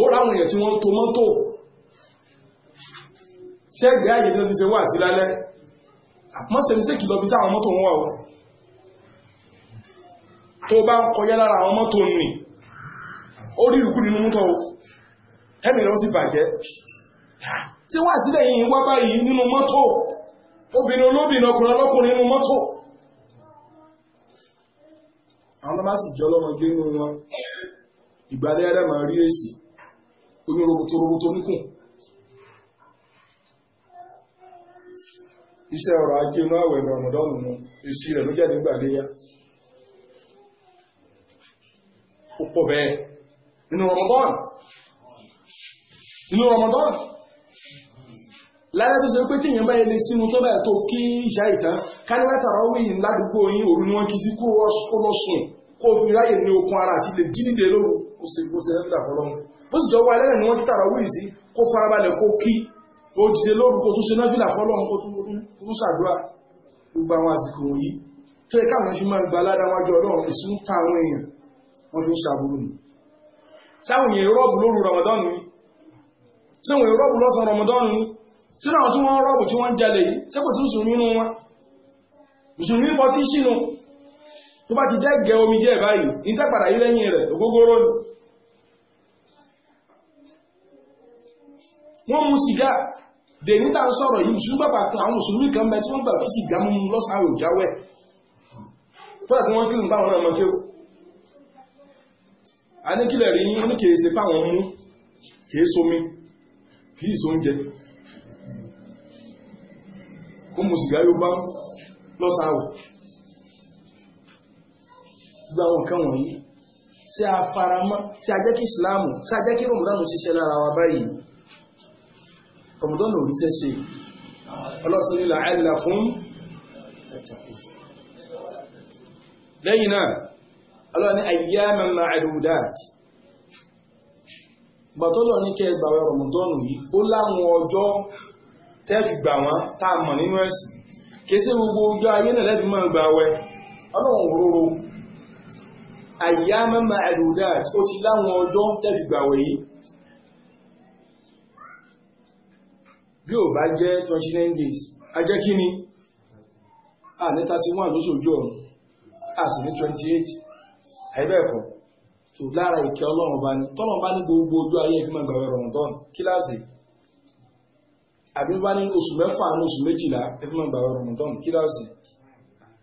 A: ó ráwọn èèyàn tí wọ́n to mọ́tò ṣẹ́gbẹ́ àyè ní ti ṣe wà sí lálẹ́ àpọ́sẹ̀ ṣe kìlọ̀ bí táwọn mọ́tò wọ́n wà tó bá ń kọjá lára àwọn mọ́tò nì ó rí ìrùkú nínú mọ́tò ẹ̀mì lọ sí bàjẹ́ tí wà sílẹ̀ yìí wá báyìí nínú mọ́tò obìnrin olóbìnrin ọkùnrin ọlọ́kùnrin nínú mọ́tò àwọn ọmọ sì jọ lọ́mọ gé nínú wọn ìgbàlẹ́ ẹ̀rẹ́ máa rí èsì oní roboto roboto níkùn iṣẹ́ ọ̀rọ̀ ajé inú àwẹ̀ ní ọ̀nàdọ́nù ni èsì rẹ̀ ló jáde nígbà léyà ó pọ̀ bẹ́ẹ̀ nínú Ramadan nínú Ramadan lára tó ṣe pé tí èèyàn báyìí lè sínú tó báyìí tó kí ìṣá ìtàn káníláta ráwí ládùúgbò yín òru ni wọ́n kí sí kó lọ sùn kó fi ráyè ní okun ara àti lè dídìde lóru ó ṣe bó ṣe ń dà fọlọ́run ó sì jọ wá ẹlẹ́rìn ni wọ́n kí tààrà wíì sí kó farabalẹ̀ kó kí ó dìde lóru kó tún ṣe náfìlà fọ́lọ́run kó tún ṣàdúrà gbogbo àwọn àsìkò yìí tó yẹ káwọn fi máa gba aládá wájú ọlọ́run èsì ń ta àwọn èèyàn wọ́n fi ń ṣàbúrú ni sáwọn èèyàn rọ́ọ̀bù lóru Ramadan ni sáwọn èèyàn rọ́ọ̀bù lọ́sàn Ramadan ni sínú àwọn tí wọ́n rọ́ọ̀bù tí wọ́n ń jalè yìí sẹ́kọ̀ sí mùsùlùmí nínú wọn mùsùlùmí wọ́n mu sìgá dèní tá à ń sọ̀rọ̀ yìí mùsùlùmí bàbà kan àwọn mùsùlùmí kan bẹ tí wọ́n gbà fi sìgá mu lọ́sàn-án àrò jáwẹ́ fọ́nà tí wọ́n kírun báwọn ọmọ kéwò a ní kílẹ̀ rí ní kìí ṣe páwọn mú kìí sómi kìí sóúnjẹ kó mú sìgá yóò bá lọ́sàáwọ̀ gbáwọn kan wọ̀nyí sí a sí a jẹ́ sí a jẹ́ kí rọ̀mùdánù ṣiṣẹ́ lára wa báyìí rọmọdọ́nà òríṣẹ́ ṣe ọlọ́sìn nílà àìlà fún ẹ̀tàkùn lẹ́yìn náà ọlọ́ni ayyaman ma'adudat gbàtọ́lọ̀ ní kẹ́ gbàwẹ̀ rọmọdọ́nù yìí ó láwọn ọjọ́ tẹ́ẹ̀fì gbà wọ́n tá a mọ̀ nínú ẹ̀sìn kìí sí gbogbo ọjọ́ ayé náà lẹ́sìn máa gbàwẹ̀ ọlọ́run òróró ayyaman ma'adudat ó ti láwọn ọjọ́ tẹ́ẹ̀fì gbàwẹ̀ yìí bí ò bá jẹ́ 29 days a jẹ́ kí ni a ní 31 lóṣù ojú ọ̀run a sì ní 28 àìbẹ́ẹ̀kọ́ tó lára ìkẹ́ ọlọ́run bá ní tọ́lọ́run bá ní gbogbo ojú ayé ìfimọ̀ gbàwẹ̀ rọ̀mọ̀tọ́n kíláàsì àbí bá ní oṣù mẹ́fà ní oṣù méjìlá ìfimọ̀ gbàwẹ̀ rọ̀mọ̀tọ́n kíláàsì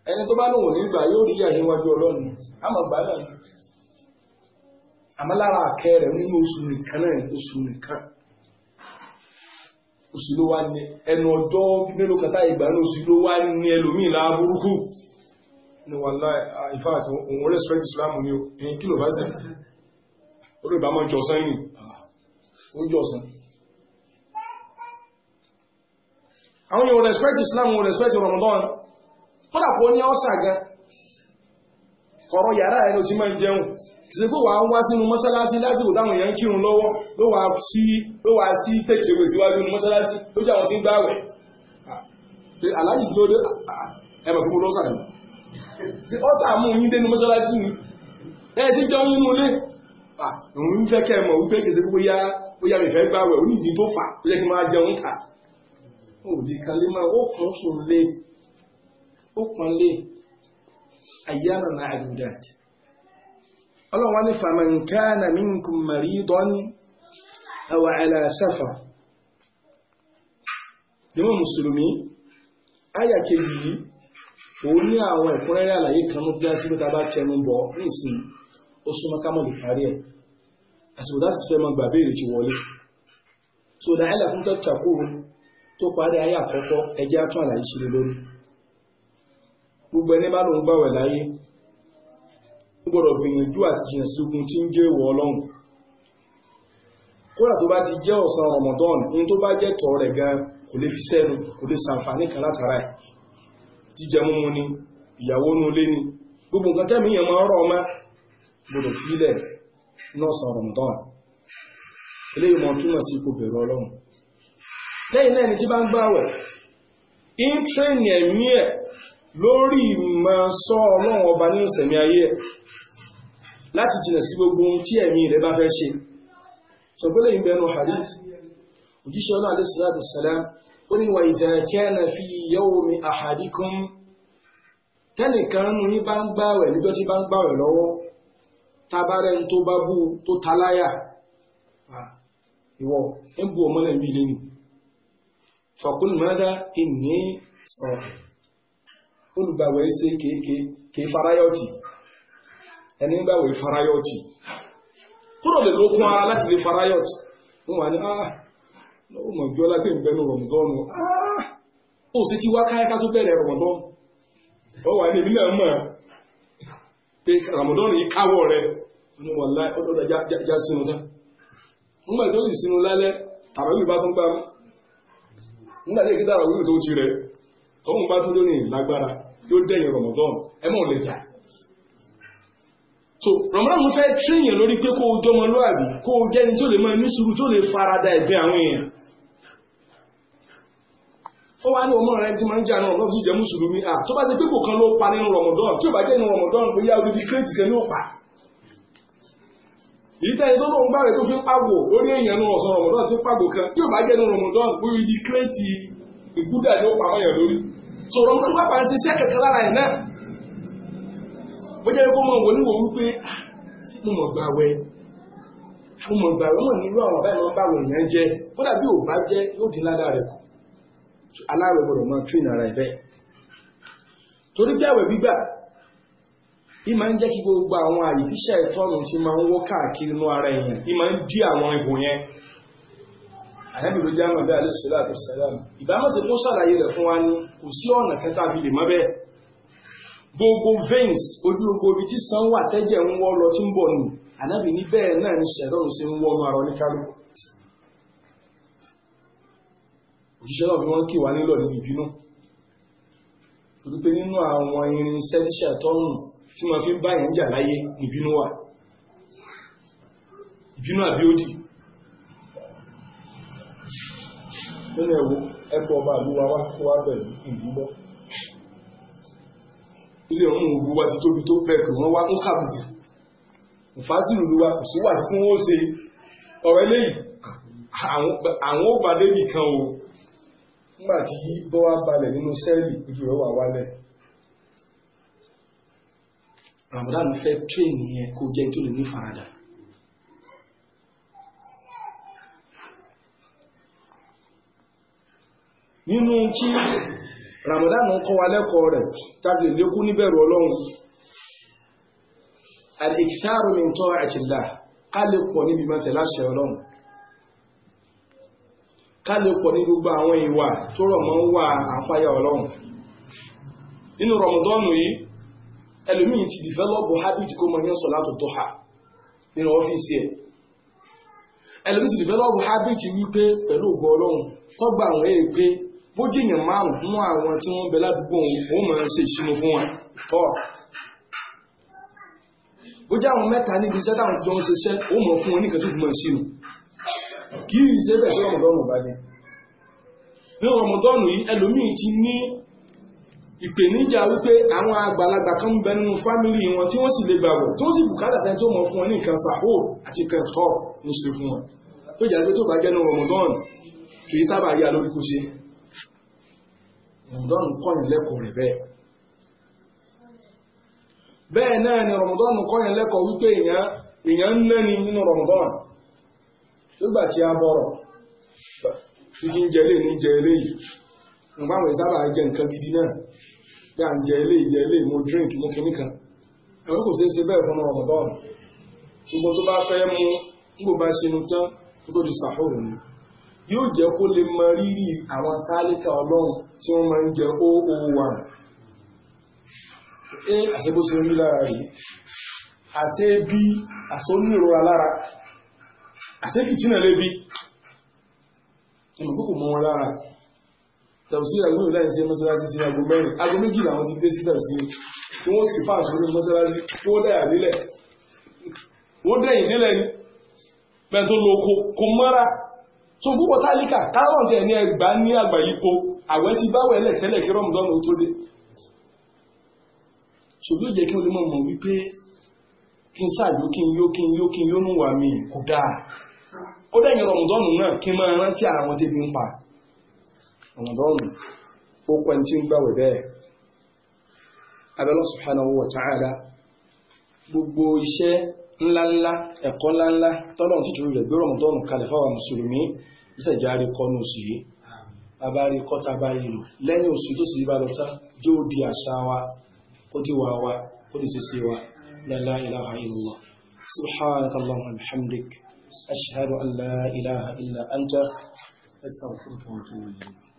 A: ẹni tó bá ní òun nígbà yóò rí àyè wájú ọlọ́run àmọ́ oṣù ló wá ní ẹnu ọjọ́ mélòó kata ìgbà ní oṣù ló wá ní ẹlòmíì láàbúrúkú ní wàhálà in fact òun respect Islam ni o èyí kìlọ̀ bá sẹ̀ orí ìbá mọ́ jọ̀sán yìí ó jọ̀sán àwọn yóò respect Islam wọn respect Ramadan kọ́dà kó ní ọ́sà gan kọ̀rọ̀ yàrá ẹni ò ti máa ń jẹun ṣe pé wàá wá sínú mọ́sálásí lásìkò táwọn èèyàn ń kírun lọ́wọ́ ló wàá sí ló wàá sí tẹ̀kẹ̀wé síwájú mọ́sálásí ló jẹ́ àwọn tí ń gbààwẹ̀ aláàjì kí ló dé ẹ̀mọ̀ fún lọ́sà ni ọ́sà mú yín dénú mọ́sálásí ni ẹ ṣe jọ nínú ilé òun ń fẹ́ kẹ́ ẹ mọ̀ wípé kì í ṣe bóyá bóyá mi fẹ́ gbààwẹ̀ onídìí tó fà tó yẹ kí n máa jẹun kà òdì kan lé máa ó kàn sùn lé ó kàn lé àyànà náà àdúgbò dáadáa ọlọ́run wá ní faman kana minkum maridan aw ala safar níwọ̀n mùsùlùmí ayà kejì yìí òun ní àwọn ẹ̀kúnrẹ́rẹ́ àlàyé kan ló dá sí pé ta bá tẹnu bọ̀ nísìn ó súnmọ́ ká lè parí ẹ̀ àsìkò láti fẹ́ mọ gbà ti wọlé tó dá ẹ̀là fún tọ́tàkù tó parí ayé àkọ́kọ́ ẹjẹ́ á àlàyé ṣe lórí gbogbo ẹni bá lòun gbàwẹ̀ láyé gbọ́dọ̀ gbìyànjú àti jìnà sí ogun tí ń jẹ́ ìwọ̀ ọlọ́run kódà tó bá ti jẹ́ ọ̀sán Ramadan ní tó bá jẹ́ tọ́ rẹ̀ gan kò lè fi sẹ́nu kò lè sàǹfààní kan látara ẹ̀ jíjẹ múmu ni ìyàwó nú ilé ni gbogbo nǹkan tẹ́mi yẹn máa ń rọ̀ ọmọ gbọ́dọ̀ fílẹ̀ nọ́ọ̀sán Ramadan eléyìí mọ̀ túmọ̀ sí ipò bẹ̀rù ọlọ́run lẹ́yìn náà ni tí bá ń gbáwẹ̀ ń tírẹ̀nì ẹ̀mí ẹ̀ lórí ìmọ̀ sọ ọlọ́run ọba nínú sẹ̀mí ayé ẹ̀ láti jìnà sí gbogbo ohun tí ẹ̀mí rẹ̀ bá fẹ́ ṣe ṣọ̀gbọ́lẹ̀ ìbẹ̀nu hadith òjíṣẹ́ ọlọ́ alẹ́sìláàtù sàlám ó ní wà idha kana fi yawmi ahadikum tẹ́nìkan nù ní bá ń gbààwẹ̀ níjọ́ tí bá ń gbààwẹ̀ lọ́wọ́ tabarẹ́ tó bá bú tó taláyà ìwọ ń bu ọmọlẹ̀ mi lẹ́nu faqul madha inni sọ olùgbàwẹ̀ ṣe kéèké kéè farayọ́tì ẹni ń gbàwé farayọ́tì kúrò lè lókun ara láti lè farayọ́tì wọ́n wà ní ah lọ́wọ́ mọ̀ jọ́lá pé ìbẹ̀nu ah ó sì ti wá káyáká tó bẹ̀rẹ̀ rọ̀mùdọ́nù ó wà ní ìbí náà mọ̀ pé rọ̀mùdọ́nù yìí káwọ́ rẹ̀ ní wọ́n láì ó lọ́dọ̀ já sínú tán nígbà tó sì sínú lálẹ́ tàbí bá tún gbámú nígbà tí èkìtà rọ̀ wíwù tó ti rẹ̀ tóun bá tún lónìí lágbára yóò dẹ̀yìn rọ̀mùdọ́nù ẹ mọ̀ lè jà so ramadan fẹ́ tíríyàn lórí pé kó o jọmọ lóàbí kó o jẹ́ni tó lè máa ní sùúrù tó lè farada ẹ̀gbẹ́ àwọn èèyàn ó wá ní ọmọ rẹ tí máa ń jà náà lọ́sùn jẹ́ mùsùlùmí à tó bá ṣe pé kò kan ló pa nínú ramadan tí ò bá jẹ́ nínú ramadan ló yá odidi kírètì kan ní òpà èyí tẹ́yẹ tó lóun gbáre tó fi pàgò lórí èèyàn nínú ọ̀sán ramadan ti pàgò kan tí ò bá jẹ́ nínú ramadan ló yí so ramadan wà bá ń ṣiṣẹ́ kẹ̀kẹ́ lára bó jẹ́ kó mọ̀ wọ́n níwò wípé ah, mo mọ̀ gbà wẹ̀ mo mọ̀ gbà wẹ̀ mọ̀ nínú àwọn ọ̀bá ìmọ̀ bá èèyàn jẹ́ kódà ò bá jẹ́ yóò ló jẹ́ àmàbẹ́ àlẹ́ àti sàlámù ìbámu ti tún rẹ̀ fún wa ní kò sí ọ̀nà kẹta bí lè gbogbo veins ojú gbogbo ibi tí san wà tẹ́jẹ̀ ń wọ́ lọ tí ń bọ̀ nù ànábì ní bẹ́ẹ̀ náà ni ṣẹ̀dọ́n ṣe ń wọ́nu ara oníkálukú. òṣìṣẹ́ náà fi wọ́n kì wá nílò níbi ìbínú torí pé nínú àwọn irinṣẹ́ tí ṣẹ̀tọ́nù tí wọ́n fi ń báyìí ń láyé ìbínú wà ìbínú àbíòdì nínú ẹ̀wọ̀ ẹ̀kọ́ ọba àlúwa wá bẹ̀rẹ̀ ìbínú ilé ọ̀hún ògbó wa ti tóbi tó bẹ́ẹ̀ pé wọ́n wá ń kàbùkù ìfásìlú ló wa kò sí wà tí wọ́n ṣe ọ̀rọ̀ eléyìí àwọn ó bá débì kan o nígbà tí bọ́ wá balẹ̀ nínú sẹ́ẹ̀lì ojú rẹ̀ wà wálẹ̀ Ramadan fẹ́ tírénì yẹn kó jẹ́ tó lè ní faradà. nínú tí Ramadan ń kọ́ wa lẹ́kọ̀ọ́ rẹ̀ tàbí lékún níbẹ̀rù Ọlọ́run al-iktharu min ta'ati Allah ká lè pọ̀ níbi máa tẹ̀lé àṣẹ Ọlọ́run ká lè pọ̀ ní gbogbo àwọn ìwà tó rọ̀ mọ́ ń wà àpáyà Ọlọ́run nínú Ramadan yìí ẹlòmíì ti dìfẹ́lọ́pù habit kó mọ ní sọ̀látù duha nínú ọ́fíìsì ẹ̀ ẹlòmíì ti dìfẹ́lọ́pù habit wípé pẹ̀lú ògbọ́ Ọlọ́run tọ́gbà àwọn èèpé bójìyàn márùn mú àwọn tí wọ́n bẹ ládùúgbò òun máa ń ṣe ìṣínú fún wọn tọ́ ó jẹ́ àwọn mẹ́ta níbi iṣẹ́ táwọn ti jọ ń ṣiṣẹ́ ó mọ̀ fún wọn ní kẹtù fún ìṣínú kí ìṣe bẹ̀ sí ọmọdọ́nù bá dé ní ọmọdọ́nù yìí ẹlòmíì ti ní ìpèníjà wípé àwọn àgbàlagbà kan ń bẹ nínú fámìlì wọn tí wọ́n sì lè gbàgbọ́ tí wọ́n sì bùkátà sẹ́ni tó mọ̀ fún wọn ní nǹkan sàhó àti kan ní ṣe fún wọn tó jẹ́ pé tó bá jẹ́ nínú ọmọdọ́nù kì í sábà yá lórí kó ṣe Ramadan kọ́yìn lẹ́kọ̀ọ́ rẹ̀ bẹ́ẹ̀. bẹ́ẹ̀ náà ni Ramadan kọ́yìn lẹ́kọ̀ọ́ wípé èèyàn ń náni nínú Ramadan nígbà tí a bọ̀rọ̀ títí ń jẹ eléyìí ní jẹ eléyìí nígbà àwọn ìsábà jẹ náà bí à eléyìí jẹ eléyìí mo yóò jẹ́ kó lè mọ rírì àwọn tálíkà ọlọ́run tí wọ́n máa ń jẹ oòwà ẹ àṣebó ṣe rí lára rí àṣẹ bí àṣónírora lára àṣẹ fìtínà lébi ẹ̀mọ̀ kókò mọ́ wọn lára tẹ̀sí àgbóyò láì ṣe mọ́sálásí sí aago mẹ́rin aago méjì làwọn ti dé sí tẹ̀sí tí wọ́n sì fà sórí mọ́sálásí wọ́n dẹ̀yà nílẹ̀ wọ́n dẹ̀yìn nílẹ̀ ni bẹ́ẹ̀ tó lo kò mọ́ra so gbogbo tálíkà káwọn tẹ̀ ní ẹgbà ní àgbà yípo àwẹ̀ ti báwẹ̀ lẹ̀ tẹ́lẹ̀ kí rọ́mùdán ó tó dé ṣòbí ó jẹ́ kí olúmọ̀ mọ̀ wípé kí n sáàjú kí n yó kí n yó kí n yó nù wà mí kò dáa ó dẹ̀yìn rọ̀mùdọ́nù náà kí n máa rántí àwọn tẹ́bi ń pa rọ̀mùdọ́nù ó pẹ́ tí ń gbàwẹ̀ bẹ́ẹ̀ abẹ́lọ́ subhanahu wa ta'ala gbogbo iṣẹ́ ńláńlá ẹ̀kọ́ ńláńlá tọ́lọ́run ti torí rẹ̀ gbé rọ̀mọ̀tọ́nù kalẹ̀ fáwọn mùsùlùmí ìṣẹ̀já rí kọ́nù sí yìí bàbá rí kọ́ta bá rí lò lẹ́yìn òsì tó sì bá lọ sá jó di àṣà wa ó di wà wa ó di sísí wa la ilaha illallah subhanaka wa atubu